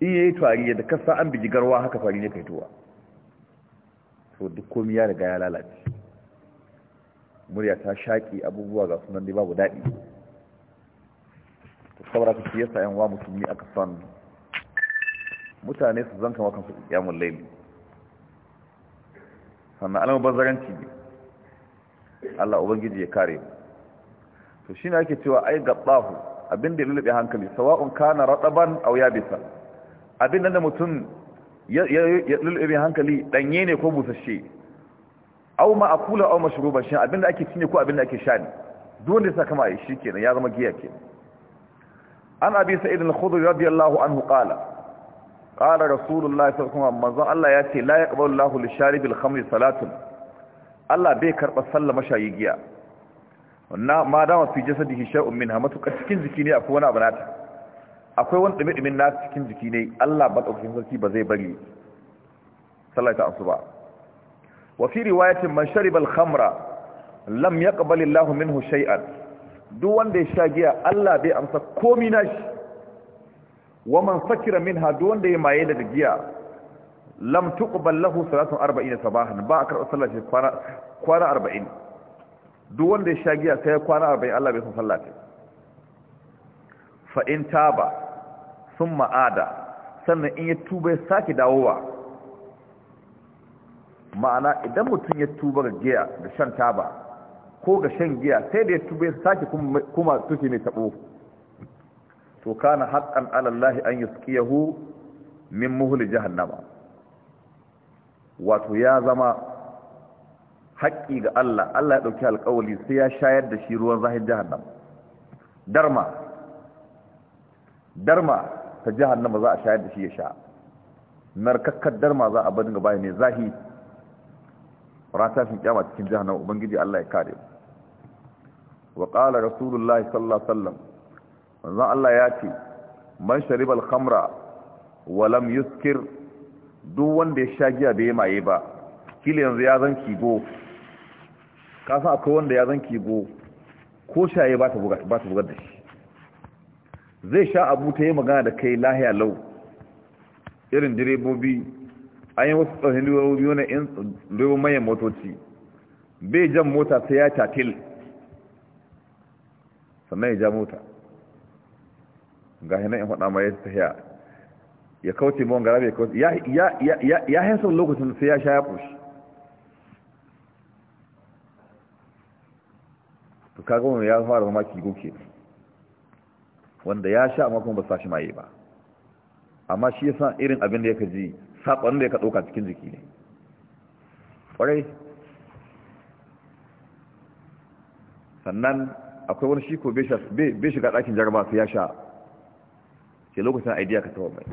in yayi tari yadda kasa an bigi garwa haka fari ne kai tuwa to duk komai ya riga ya lalace murya ta shaki abubuwa ga sunan da babu daɗi to saboda ka siyasa yan wa musulmi aka san mutane su zanka kan su kiyamun laili sannan alamun bazaranci ne Allah ubangiji ya kare mu to shine ake cewa ai gabahu abinda ya lulube hankali sawa'un kana rataban aw yabisa abin da mutum ya lulluɓe hankali ɗanye ne ko busasshe au ma akula au mashruban shin abin da ake cinye ko abin da ake sha ne duk da saka mai shi kenan ya zama giya kenan an abi sa'id al-khudri radiyallahu anhu qala qala rasulullahi sallallahu alaihi wasallam Allah ya ce la yaqbalu Allahu li-sharib al-khamri salatun Allah bai karba sallah mashayi giya wannan ma dama fi jasadihi shay'un minha matukar cikin jiki ne akwai wani abu nata akwai wani ɗumi-ɗumin na cikin jiki ne Allah ba ɗaukakin sarki ba zai bari sallah ta ansu ba wa fi riwayatin man shari bal khamra lam yaqbal Allahu minhu shay'an duk wanda ya sha giya Allah bai amsa komai nashi wa man sakira minha duk wanda ya maye daga giya lam tuqbal lahu salatun 40 sabahan ba akar sallah kwana kwana arba'in. duk wanda ya sha giya sai kwana arba'in Allah bai san sallah ta fa in taba sun ma'ada sannan in ya tuba ya sake dawowa ma'ana idan mutum ya tuba ga giya da shan taba ko ga shan giya sai da ya tuba ya sake kuma tuki mai tabo to kana haqqan 'ala an yusqiyahu min muhli jahannama wato ya zama haƙƙi ga Allah Allah ya ɗauki alƙawali sai ya shayar da shi ruwan zahin jahannam darma darma ta jahannama za a shayar da shi ya sha narkakkar darma za a badin gaba ne zahi rata shi kyama cikin jahannama ubangiji Allah ya kare wa qala rasulullahi sallallahu alaihi wasallam manzon Allah ya ce man shariba al-khamra wa lam yuskir duk wanda ya sha giya bai maye ba kila yanzu ya zan kigo ka san akwai wanda ya zan kigo ko shaye ba ta bugar da shi zai sha abu ta yi magana da kai lahiya lau irin direbobi an yi wasu tsohon direbobi wani in direbobin manyan motoci bai jan mota sai ya tatil sannan ya ja mota ga hannun in faɗa ma ya tafiya ya kauce mawan garabe ya kauce ya haisar lokacin sai ya sha ya ƙoshi to kaga wani ya fara mamaki goke ne wanda ya sha amma kuma ba sa shi maye ba amma shi ya san irin abin da ya ji sakon da ka ɗauka cikin jiki ne kwarai sannan akwai wani shi ko bai shiga ɗakin jaraba su ya sha ke lokacin idea ka tawar mai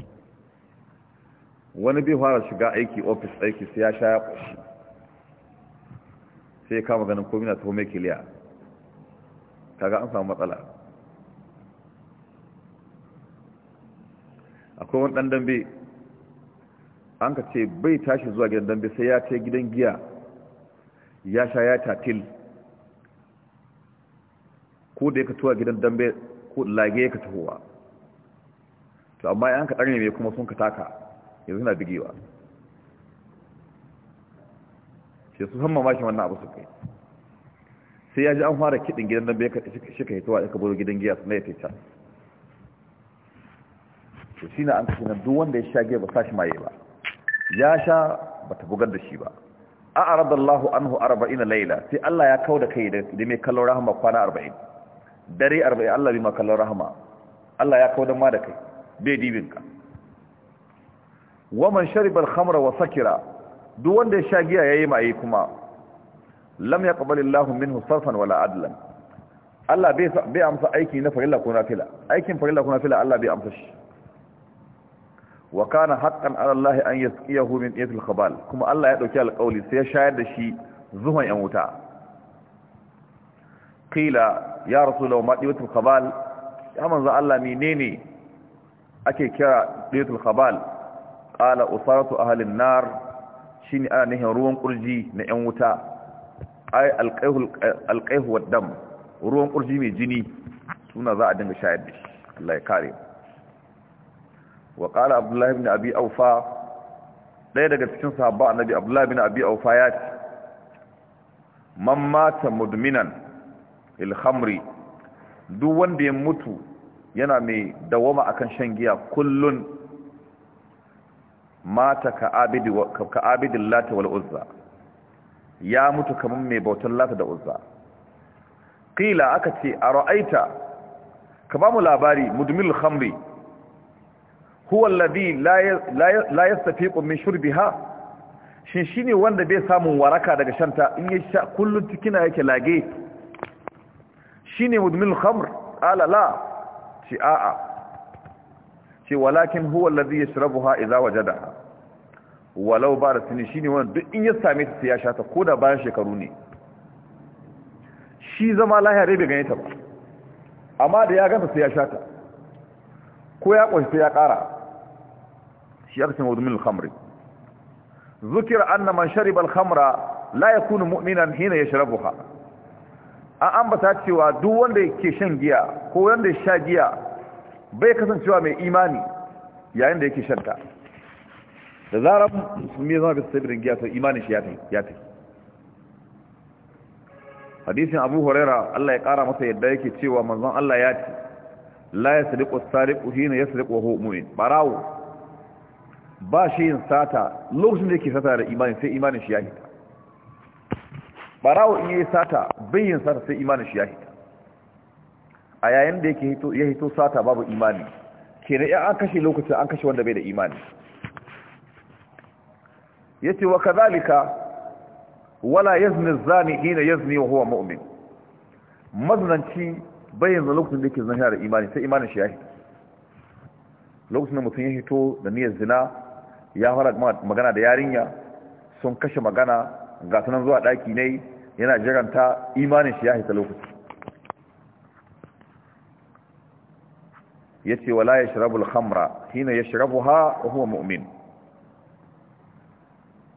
wani bai fara shiga aiki ofis aiki su ya sha ya ƙwashi sai ya kama ganin komina ta home kiliya kaga an samu matsala akwai wani ɗan dambe an ka ce bai tashi zuwa gidan dambe sai ya ce gidan giya ya sha ya tatil ko da ya ka tuwa gidan dambe ko lage ya ka tahowa to amma an ka ɗarne mai kuma sun ka taka yanzu na bigewa sai su san mamashin wannan abu su kai sai ya ji an fara kiɗin gidan dambe shi ka hitowa ya ka buru gidan giya na ya ta to shine an na duk wanda ya sha giya ba sashi maye ba ya sha ba ta bugar da shi ba a aradallahu anhu arba'ina Laila sai Allah ya kauda kai da mai kallon rahama kwana arba'in. dare arba'in Allah bi ma kallon rahama Allah ya da ma da kai bai dibin ka waman shariba al-khamra wa sakira duk wanda ya sha giya yayi maye kuma lam Allah minhu sarfan wala adlan Allah bai amsa aiki na farilla ko na fila aikin farilla ko na fila Allah bai amsa shi wa kana haqqan ala Allah an yasqiyahu min yatil khabal kuma Allah ya dauki alƙawli sai ya shayar da shi zuwan yan wuta qila ya rasulullah ma yatil khabal ya manzo Allah menene ake kira yatil khabal qala usaratu ahli an-nar shine ana nihin ruwan kurji na yan wuta ay alqayhu alqayhu wad dam ruwan kurji mai jini suna za a dinga shayar da shi Allah ya kare mu wa abdullahi bin abi aufa ɗaya daga cikin sahaba annabi abdullahi bin abi aufa ya ce man mata mudminan ilhamri duk wanda ya mutu yana mai dawama akan shan giya kullun mata ka abidin wal uzza ya mutu kaman mai bautar lata da uzza kila aka ce a ra'aita ka ba mu labari mudmil khamri huwa alladhi la yastafiqu min shurbiha shin shine wanda bai samun waraka daga shanta in ya sha kullun tikina yake lage shine mudmil khamr ala la a a'a ci walakin huwa alladhi yashrabuha idza wajadaha walau ba'da sini shine wanda duk in ya same ta ya sha ta koda bayan shekaru ne shi zama lahiya dai bai gane ta ba amma da ya ganta sai ya sha ta ko ya ƙunshi sai ya ƙara shi aka ce mawdumin al zukira anna man mu'minan hina an ambata cewa duk wanda yake shan giya ko wanda ya sha giya bai kasancewa mai imani yayin da yake ta da zarar musulmi ya zama bisa sabirin giya to imanin shi ya ta hadisin abu huraira Allah ya kara masa yadda yake cewa manzon Allah ya ce la hina wa barawo ba shi yin sata lokacin da yake sata da imani sai imanin shi ya hita barawo in yi sata bin yin sata sai imanin shi ya hita a yayin da yake ya hito sata babu imani kenan ya an kashe lokacin an kashe wanda bai da imani ya ce wa kazalika wala yazni zani hina yazni wa huwa mu'min maznanci bayan lokacin da yake zina da imani sai imanin shi ya hita lokacin da mutum ya hito da niyyar zina ya fara magana da yarinya sun kashe magana ga sunan zuwa daki ne yana jiranta imanin shi ya hita lokaci yace wala yashrabul khamra hina yashrabuha wa huwa mu'min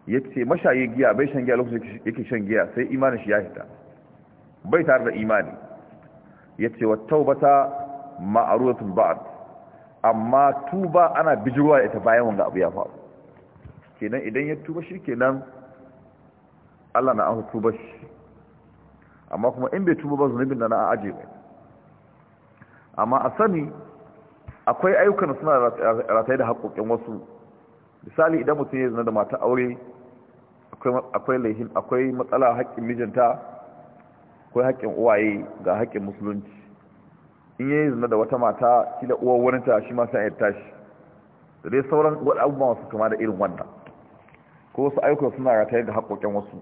yace mashayi giya bai shan giya lokacin yake shan giya sai imanin shi ya hita bai tare da imani yace wa taubata ma'rudatun ba'd amma tuba ana bijirwa ita bayan wanda abu ya faru kenan idan ya tuba shi kenan Allah na an tuba shi amma kuma in bai tuba ba zunubin da na aje ba amma a sani akwai ayyukan suna rataye da haƙoƙin wasu misali idan mutum ya zina da mata aure akwai laihin akwai matsala haƙƙin mijinta akwai haƙƙin uwaye ga haƙƙin musulunci in yayi zina da wata mata kila uwar wani ta shi ma sai ya tashi da dai sauran wadannan abubuwa su kama da irin wannan ko wasu ayyukan suna rataye da haƙoƙin wasu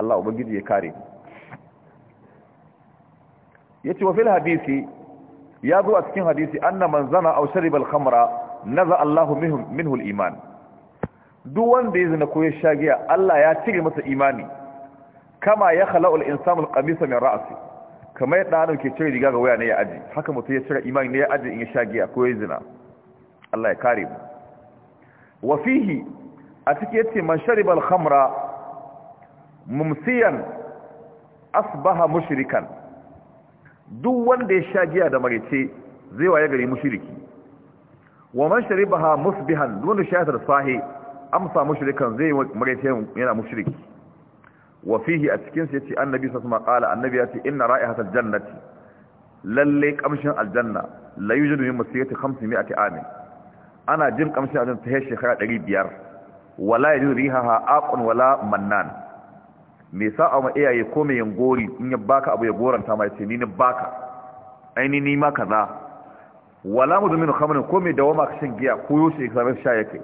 Allah ubangiji ya kare ce wa fil hadisi ya zo a cikin hadisi anna man zana aw shariba al-khamra naza Allahu minhu iman duk wanda ya zina ko ya sha giya Allah ya cire masa imani kama ya khala'u al-insanu al-qamisa min ra'si kamar yadda adam ke cire riga ga waya ne ya aji haka mutum ya cire imani ne ya aji in ya sha giya ko ya zina Allah ya kare mu wa fihi a cikin yace man shariba al-khamra mumsiyan asbaha mushrikan duk wanda ya sha giya da marice zai waye gari mushriki wa man sharibaha musbihan duk shatar sahi amsa mushrikan zai marice yana mushriki wa fihi a cikin sa yace annabi sallallahu alaihi wasallam qala annabi yace inna ra'ihatal jannati lalle kamshin aljanna la yujadu min masiyati 500 amin ana jin kamshin aljanna ta shekara 500 wala yi ha aqun wala mannan me sa a ya ko me gori in ya baka abu ya goranta mai ce ni ne baka aini ni ma kaza wala domin khamrin ko me dawama ka shan giya ko yoshe ka ran sha yake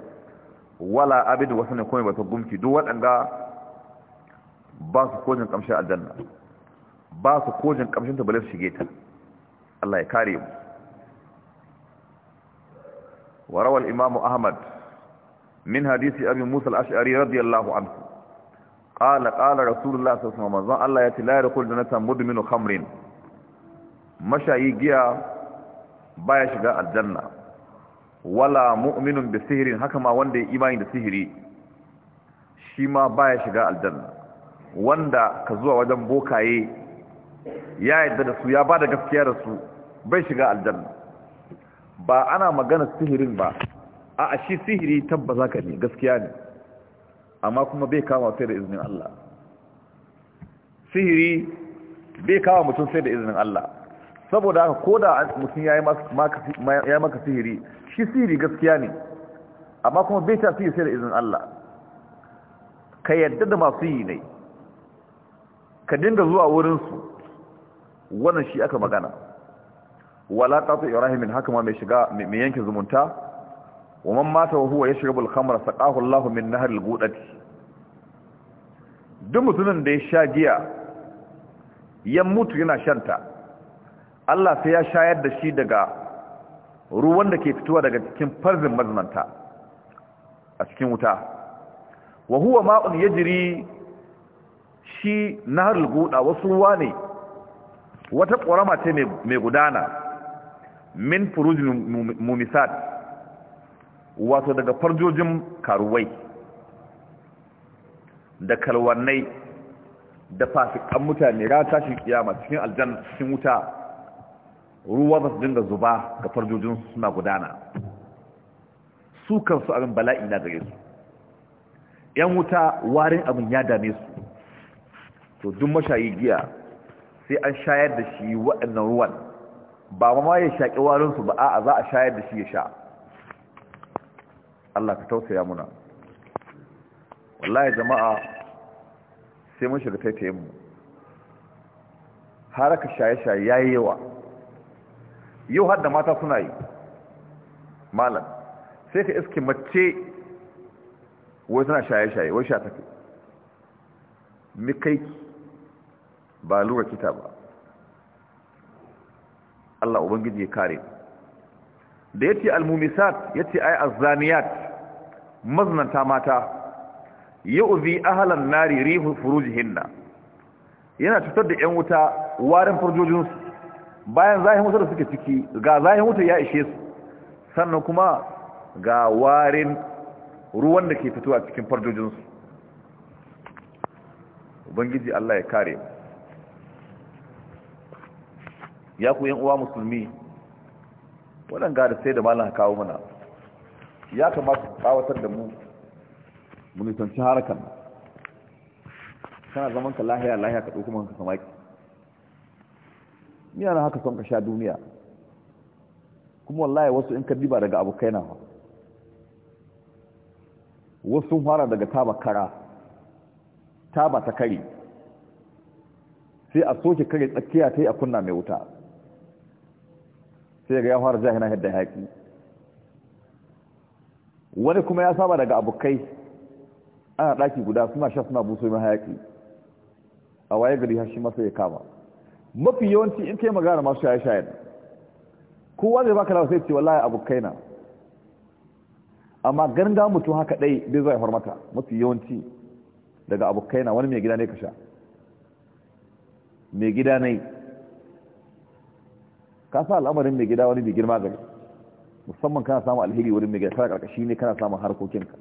wala wasu ne kome ba bata gumki duk waɗanda ba su kojin kamshin aljanna ba su kojin kamshin ta bale shige ta Allah ya kare mu Warawal imamu Ahmad. min hadisi abin musa al'ashari radiyallahu anhu ƙala ƙala rasulullah sau sama manzon Allah ya ce layar kul da na tambu da minu hamrin mashayi giya baya shiga aljanna wala mu'minun bi sihirin haka ma wanda ya imani da sihiri shi ma baya shiga aljanna wanda ka zuwa wajen bokaye ya yadda da su ya ba da gaskiya da su bai shiga aljanna ba ana magana sihirin ba a shi sihiri tabba za ka ne gaskiya ne amma kuma bai kama sai da izinin Allah sihiri bai kama mutum sai da izinin Allah saboda haka ko da mutum ya yi maka sihiri shi sihiri gaskiya ne amma kuma bai ta sihiri sai da izinin Allah ka yadda da masu yi ne ka dinga zuwa wurinsu wannan shi aka magana wala ƙasa ibrahimin haka ma mai shiga mai yanke zumunta wa man mata wa ya shiga al-khamra saqahu Allahu min nahr al-gudati duk mutumin da ya sha jiya, yan mutu yana shanta Allah sai ya shayar da shi daga ruwan da ke fitowa daga cikin farzin mazananta. a cikin wuta wa huwa ma'un yajri shi nahr al-guda wasu ruwa ne wata ƙorama ce mai gudana min furujin mumisat wato daga farjojin karuwai da kalwannai da fasikan mutane ran tashin kiyama cikin aljanna cikin wuta ruwa ba su dinga zuba ga farjojin suna gudana su kansu abin bala'i na gare su yan wuta warin abin ya dame su to dun mashayi giya sai an shayar da shi waɗannan ruwan ba ma ya shaƙi warinsu ba a za a shayar da shi ya sha Allah ka tausaya muna wallahi jama'a sai mun shiga taitayen mu haraka shaye-shaye yayi yawa yau har da mata suna yi malam sai ka iske mace wai suna shaye-shaye wai sha take mikai ba lura kita ba Allah ubangiji ya kare da yace al-mumisat yace ay az-zaniyat mazinanta mata yu'zi ahlan nari rihu furujihinna yana cutar da yan wuta warin furjojinsu bayan zahin wutar da suke ciki ga zahin wutar ya ishe su sannan kuma ga warin ruwan da ke fitowa cikin farjojinsu ubangiji Allah ya kare ya ku yin uwa musulmi waɗanda da sai da malam kawo mana ya kamata ka tsawatar da mu mu nisanci harakan kana zaman ka lahiya lahiya ka ɗauki manka samaki Ni na haka son ka sha duniya kuma wallahi wasu in ka diba daga abokai na fa wasu sun fara daga taba kara taba ta kare sai a soke kare tsakiya ta yi a kunna mai wuta sai ga ya fara jahina yadda haƙi wani kuma ya saba daga abokai ana daki guda suna sha suna buso mai hayaki a waye gari har shi masa ya kama mafi yawanci in kai magana masu shaye shaye kowa zai baka lawa sai ce wallahi abokai na amma ganga mutum haka dai bai zai farmata mafi yawanci daga abokai na wani mai gida ne ka sha mai gida ne ka sa al'amarin mai gida wani mai girma gari musamman kana samun alheri wurin mai gaisa karkashi ne kana samun harkokinka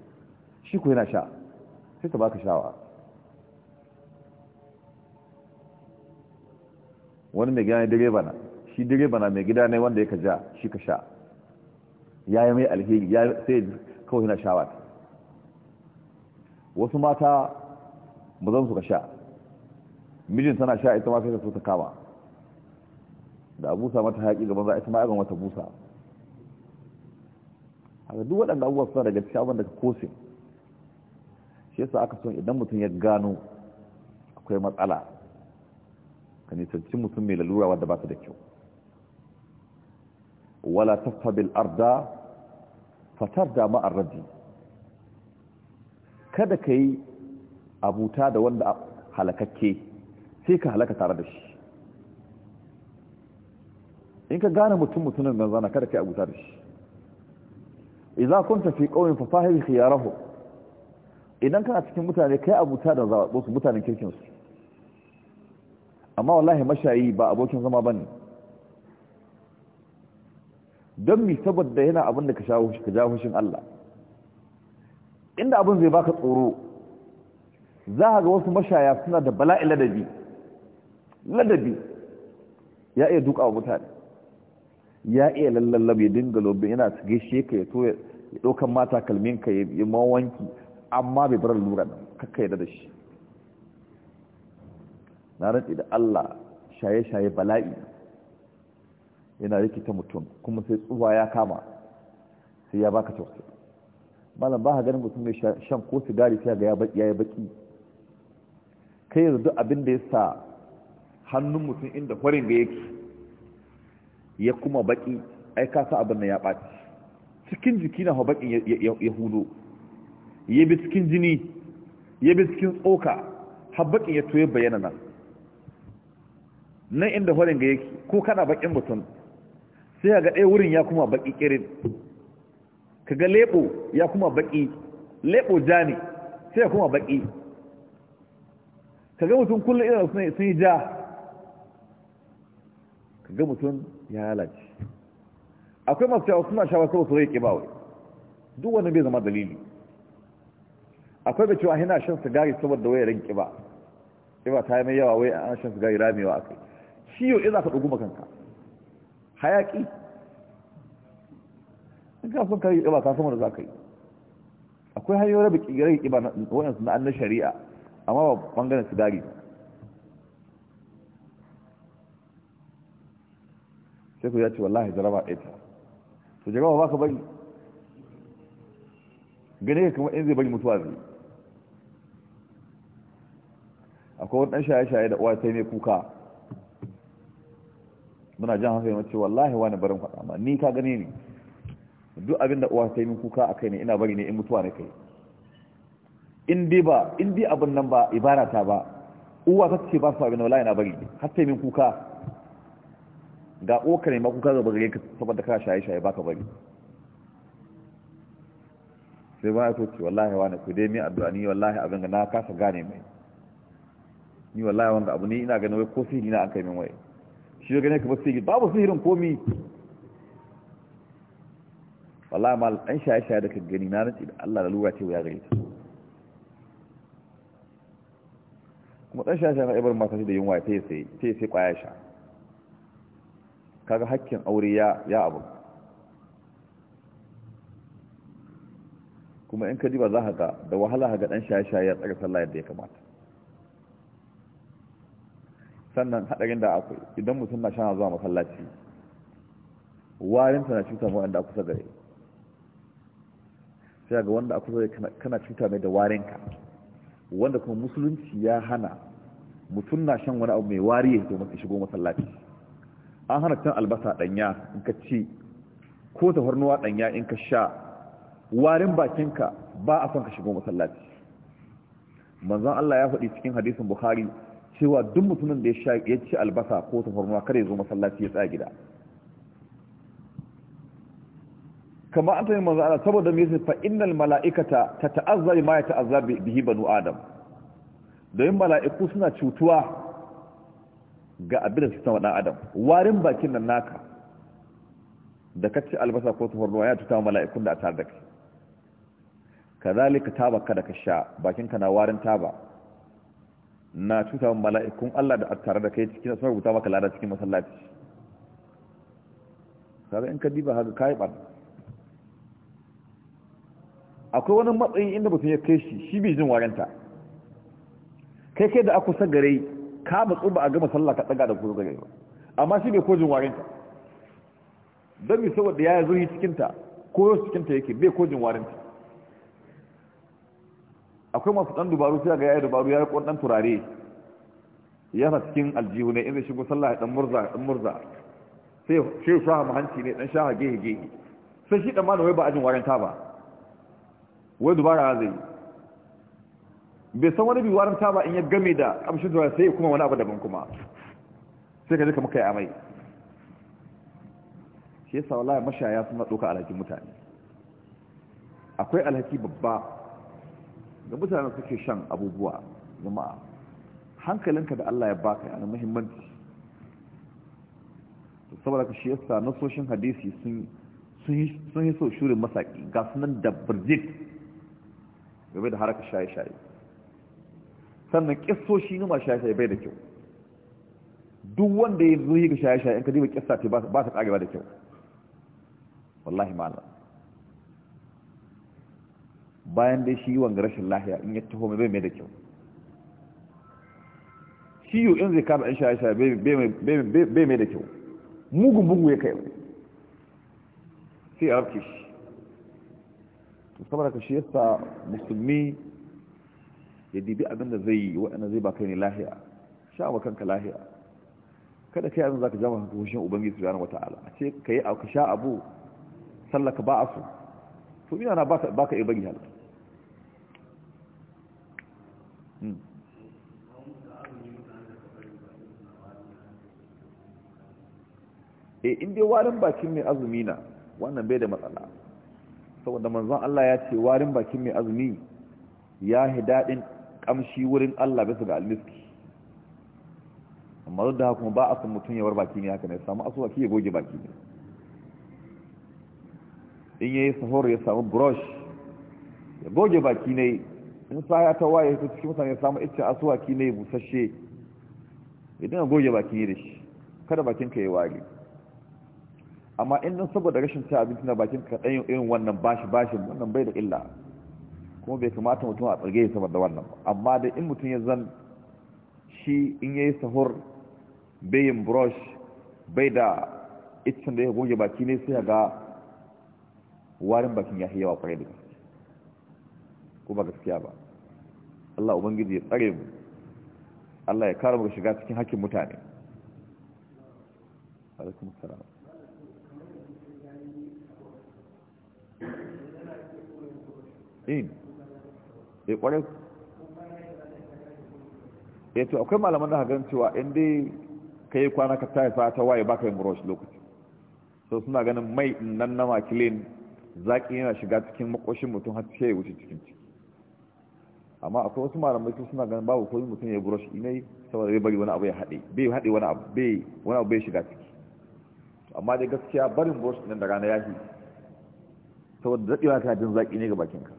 shi ku yana sha sai ta baka shawa wani mai gane direba na shi direba na mai gida ne wanda ya ka ja shi ka sha ya yi mai alheri ya sai kawai yana shawa wasu mata ba zan su ka sha mijin tana sha ita ma sai ta so ta kama da abusa mata haƙi gaban za a ita ma aigon wata busa haka duk waɗanda abubuwa suna daga cikin abin da ka kose shi yasa aka son idan mutum ya gano akwai matsala ka nisanci mutum mai lalura wadda ba ta da kyau wala fabil arda fatar da ma'ar raji kada ka yi abuta da wanda halakakke sai ka halaka tare da shi in ka gane mutum mutumin zana kada ka yi abuta da shi idza kunta fi qawmin fa fahim khiyarahu idan kana cikin mutane kai abuta da zawa su mutanen kirkin su amma wallahi mashayi ba abokin zama bane don mi saboda yana abin da ka shawo shi ka jawo Allah inda abin zai baka tsoro za ka ga wasu mashaya suna da bala'i ladabi ladabi ya iya duka wa mutane ya iya lallallabe dinga lobe yana su gaishe ka ya to ya ɗaukan mata kalmin ka ya mawanki amma bai bar lura nan kakka yadda da shi na rantsi da Allah shaye-shaye bala'i yana rikita mutum kuma sai tsuwa ya kama sai ya baka tausayi malam ba ka ganin mutum mai shan ko sigari sai ga ya yi baki kai yanzu duk abin da ya sa hannun mutum inda kwarin da yake ya kuma baki ai ka sa abin da ya ɓaci cikin jiki na habakin ya hudu ya bi cikin jini ya bi cikin tsoka habakin ya toye bayyana nan nan inda horin ga yake ko kana bakin mutum sai ga ɗaya wurin ya kuma baki kirin ga lebo ya kuma baki lebo ja ne sai ya kuma baki ga mutum kullum irin sun yi ja ka ga mutum ya lalace akwai masu cewa suna shawar saboda su rike ƙiba wai duk wani bai zama dalili akwai da cewa hina shan sigari saboda waya rin kiba ƙiba ta yi mai yawa wai an shan sigari ramewa akai ciwo iza ka ɗugu makanka hayaƙi in ka sun kari kiba ƙiba ka sama da za ka yi akwai hanyoyi rabi ƙirai ƙiba waɗansu na annan shari'a amma ba ɓangaren sigari ba sai ku ya ce wallahi jaraba ɗaya su jama'a ba ka bari gane kamar in zai bari mutuwa zai akwai wani ɗan shaye-shaye da uwa sai mai kuka muna jan hankali mace wallahi wani barin faɗa ma ni ka gane ni duk abin da uwa sai kuka a kai ne ina bari ne in mutuwa na kai in dai ba in dai abin nan ba ibara ta ba uwa ta ce ba su abin da wallahi na bari har sai kuka ga oka ne makuka zaba gare ka saboda ka shaye-shaye baka bari sai ba ya ce wallahi wani ku dai mai addu'a ni wallahi abin ga na kasa gane mai ni wallahi wanda abu ni ina ganin wai ko sihiri na an kai min wai shi gane ka ba sihiri babu sihirin komi wallahi mal an shaye-shaye da ka gani na rantsi da Allah da lura ce wa ya gare ta kuma ɗan shaye-shaye na ibar mata da yunwa ta ta yi sai kwaya sha kaga hakkin aure ya ya abu kuma in ka ba za ka ga da wahala ga dan shaye-shaye ya tsaka sallah yadda ya kamata sannan hadarin da akwai idan mutum na shana zuwa masallaci warin na cuta mu wanda akusa gare sai ga wanda akusa gare kana cuta mai da warinka wanda kuma musulunci ya hana mutum na shan wani abu mai wari ya shigo masallaci an hana cin albasa danya in ka ci ko tafarnuwa danya in ka sha warin bakinka ba a son ka shigo masallaci manzon Allah ya faɗi cikin hadisin Bukhari cewa duk mutumin da ya sha ya ci albasa ko tafarnuwa kada ya zo masallaci ya tsaya gida kamar an tafi manzon Allah saboda me yasa fa innal mala'ikata tata'azza ma yata'azza bihi banu adam da mala'iku suna cutuwa ga abin da suke sama dan adam warin bakin nan naka da kace albasa ko tafarnuwa ya tuta mala'ikun da a tare da kai kazalika tabaka da ka sha bakin ka na warin taba na tuta mala'ikun Allah da a tare da kai cikin sun rubuta maka lada cikin masallaci kaga in ka diba haka kai ba akwai wani matsayi inda mutum ya kai shi shi bai jin warinta kai kai da aku sagare ka matsu ba a gama sallah ka tsaga da ku gare ba amma shi bai kojin warin ta don bi saboda ya zurhi cikin ta ko yau cikin ta yake bai kojin warin ta akwai masu dan dubaru sai ga yayi dubaru yayi kwan turare ya fa cikin aljihu ne in zai shigo sallah dan murza dan murza sai shi shaha mahanci ne dan shaha gehe gehe sai shi dan ma wai ba ajin warin ta ba wai dubara zai yi bai san wani biwarin ta ba in ya game da kamshin zuwa sai kuma wani abu daban kuma sai ka jika muka yi amai shi yasa wallahi mashaya suna matsoka alhakin mutane akwai alhaki babba da mutane suke shan abubuwa jama'a hankalinka da Allah ya baka yana muhimmanci saboda ka shi yasa nasoshin hadisi sun yi so shirin masaki ga sunan da birjit game da haraka shaye-shaye sannan kissoshi ne masu shaye-shaye bai da kyau duk wanda ya zuhi ga shaye-shaye in ka diba kissa ce ba ta karewa da kyau wallahi ma'ala bayan dai shi wanga rashin lahiya in ya taho mai mai da kyau shi yiwu in zai kama in shaye-shaye bai mai da kyau mugun bugu ya kai sai a rafi shi saboda ka shi yasa musulmi ya dibi abin da zai yi waɗanda zai baka ne lahiya sha wa kanka lahiya kada kai yanzu zaka jama ka hushin ubangiji subhanahu ala a ce kai a ka sha abu sallaka ba asu to ina na baka baka ibn hal hmm. eh in dai warin bakin mai azumi na wannan bai da matsala saboda manzon Allah ya ce warin bakin mai azumi ya hi dadin kamshi wurin Allah bisa ga almiski amma da kuma ba a san mutum ya baki ne haka ne samu asuwaki ya goge baki ne in yayi sahur ya samu brush ya goge baki ne in ya ta ya ta cikin mutane ya samu iccen asuwaki ne busasshe idan ya goge baki ne da shi kada bakin ka ya wari amma in nan saboda rashin cin abinci na bakin ka dan irin wannan bashi bashin wannan bai da illa kuma bai kamata mutum a tsarge saboda wannan amma da in mutum ya zan shi in yi sahur bayin brush bai da iccen da ya goge baki ne sai ga warin bakin ya yawa kwarai da gaske ko ba gaskiya ba Allah ubangiji ya tsare mu Allah ya kare mu shiga cikin hakkin mutane alaikum salam in ya eh, kwarai ya eh, to akwai malaman da hagan cewa inda ka yi kwana ka ta yasa ta waye baka yin rush lokaci so suna ganin mai nan na makilin zaƙi yana shiga cikin makoshin mutum har sai ya wuce cikin ciki amma akwai wasu malamai su suna ganin babu koyi mutum ya yi rush inai saboda zai bari wani abu ya haɗe bai haɗe wani abu bai wani abu bai shiga ciki amma dai gaskiya barin rush din da rana ya fi saboda daɗewa ta jin zaƙi ne ga bakinka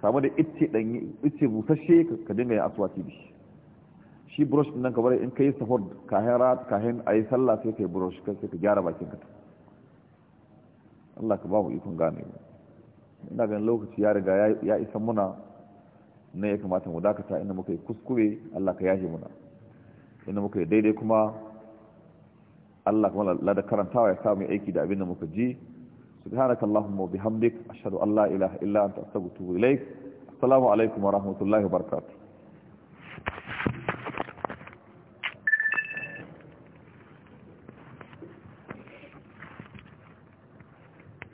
samu da icce ɗanye icce busasshe ka dinga yin aswaki da shi shi brush nan ka bari in ka yi sahur kahin rat kahin a yi sallah sai ka yi brush ka sai ka gyara bakin ka Allah ka ba mu ikon gane ina ganin lokaci ya riga ya isa muna na ya kamata mu dakata inda muka yi kuskure Allah ka yashe muna inda muka yi daidai kuma Allah kuma lada karantawa ya samu aiki da abin da muka ji سبحانك اللهم وبحمدك أشهد أن لا إله إلا أنت أستغفرك إليك السلام عليكم ورحمة الله وبركاته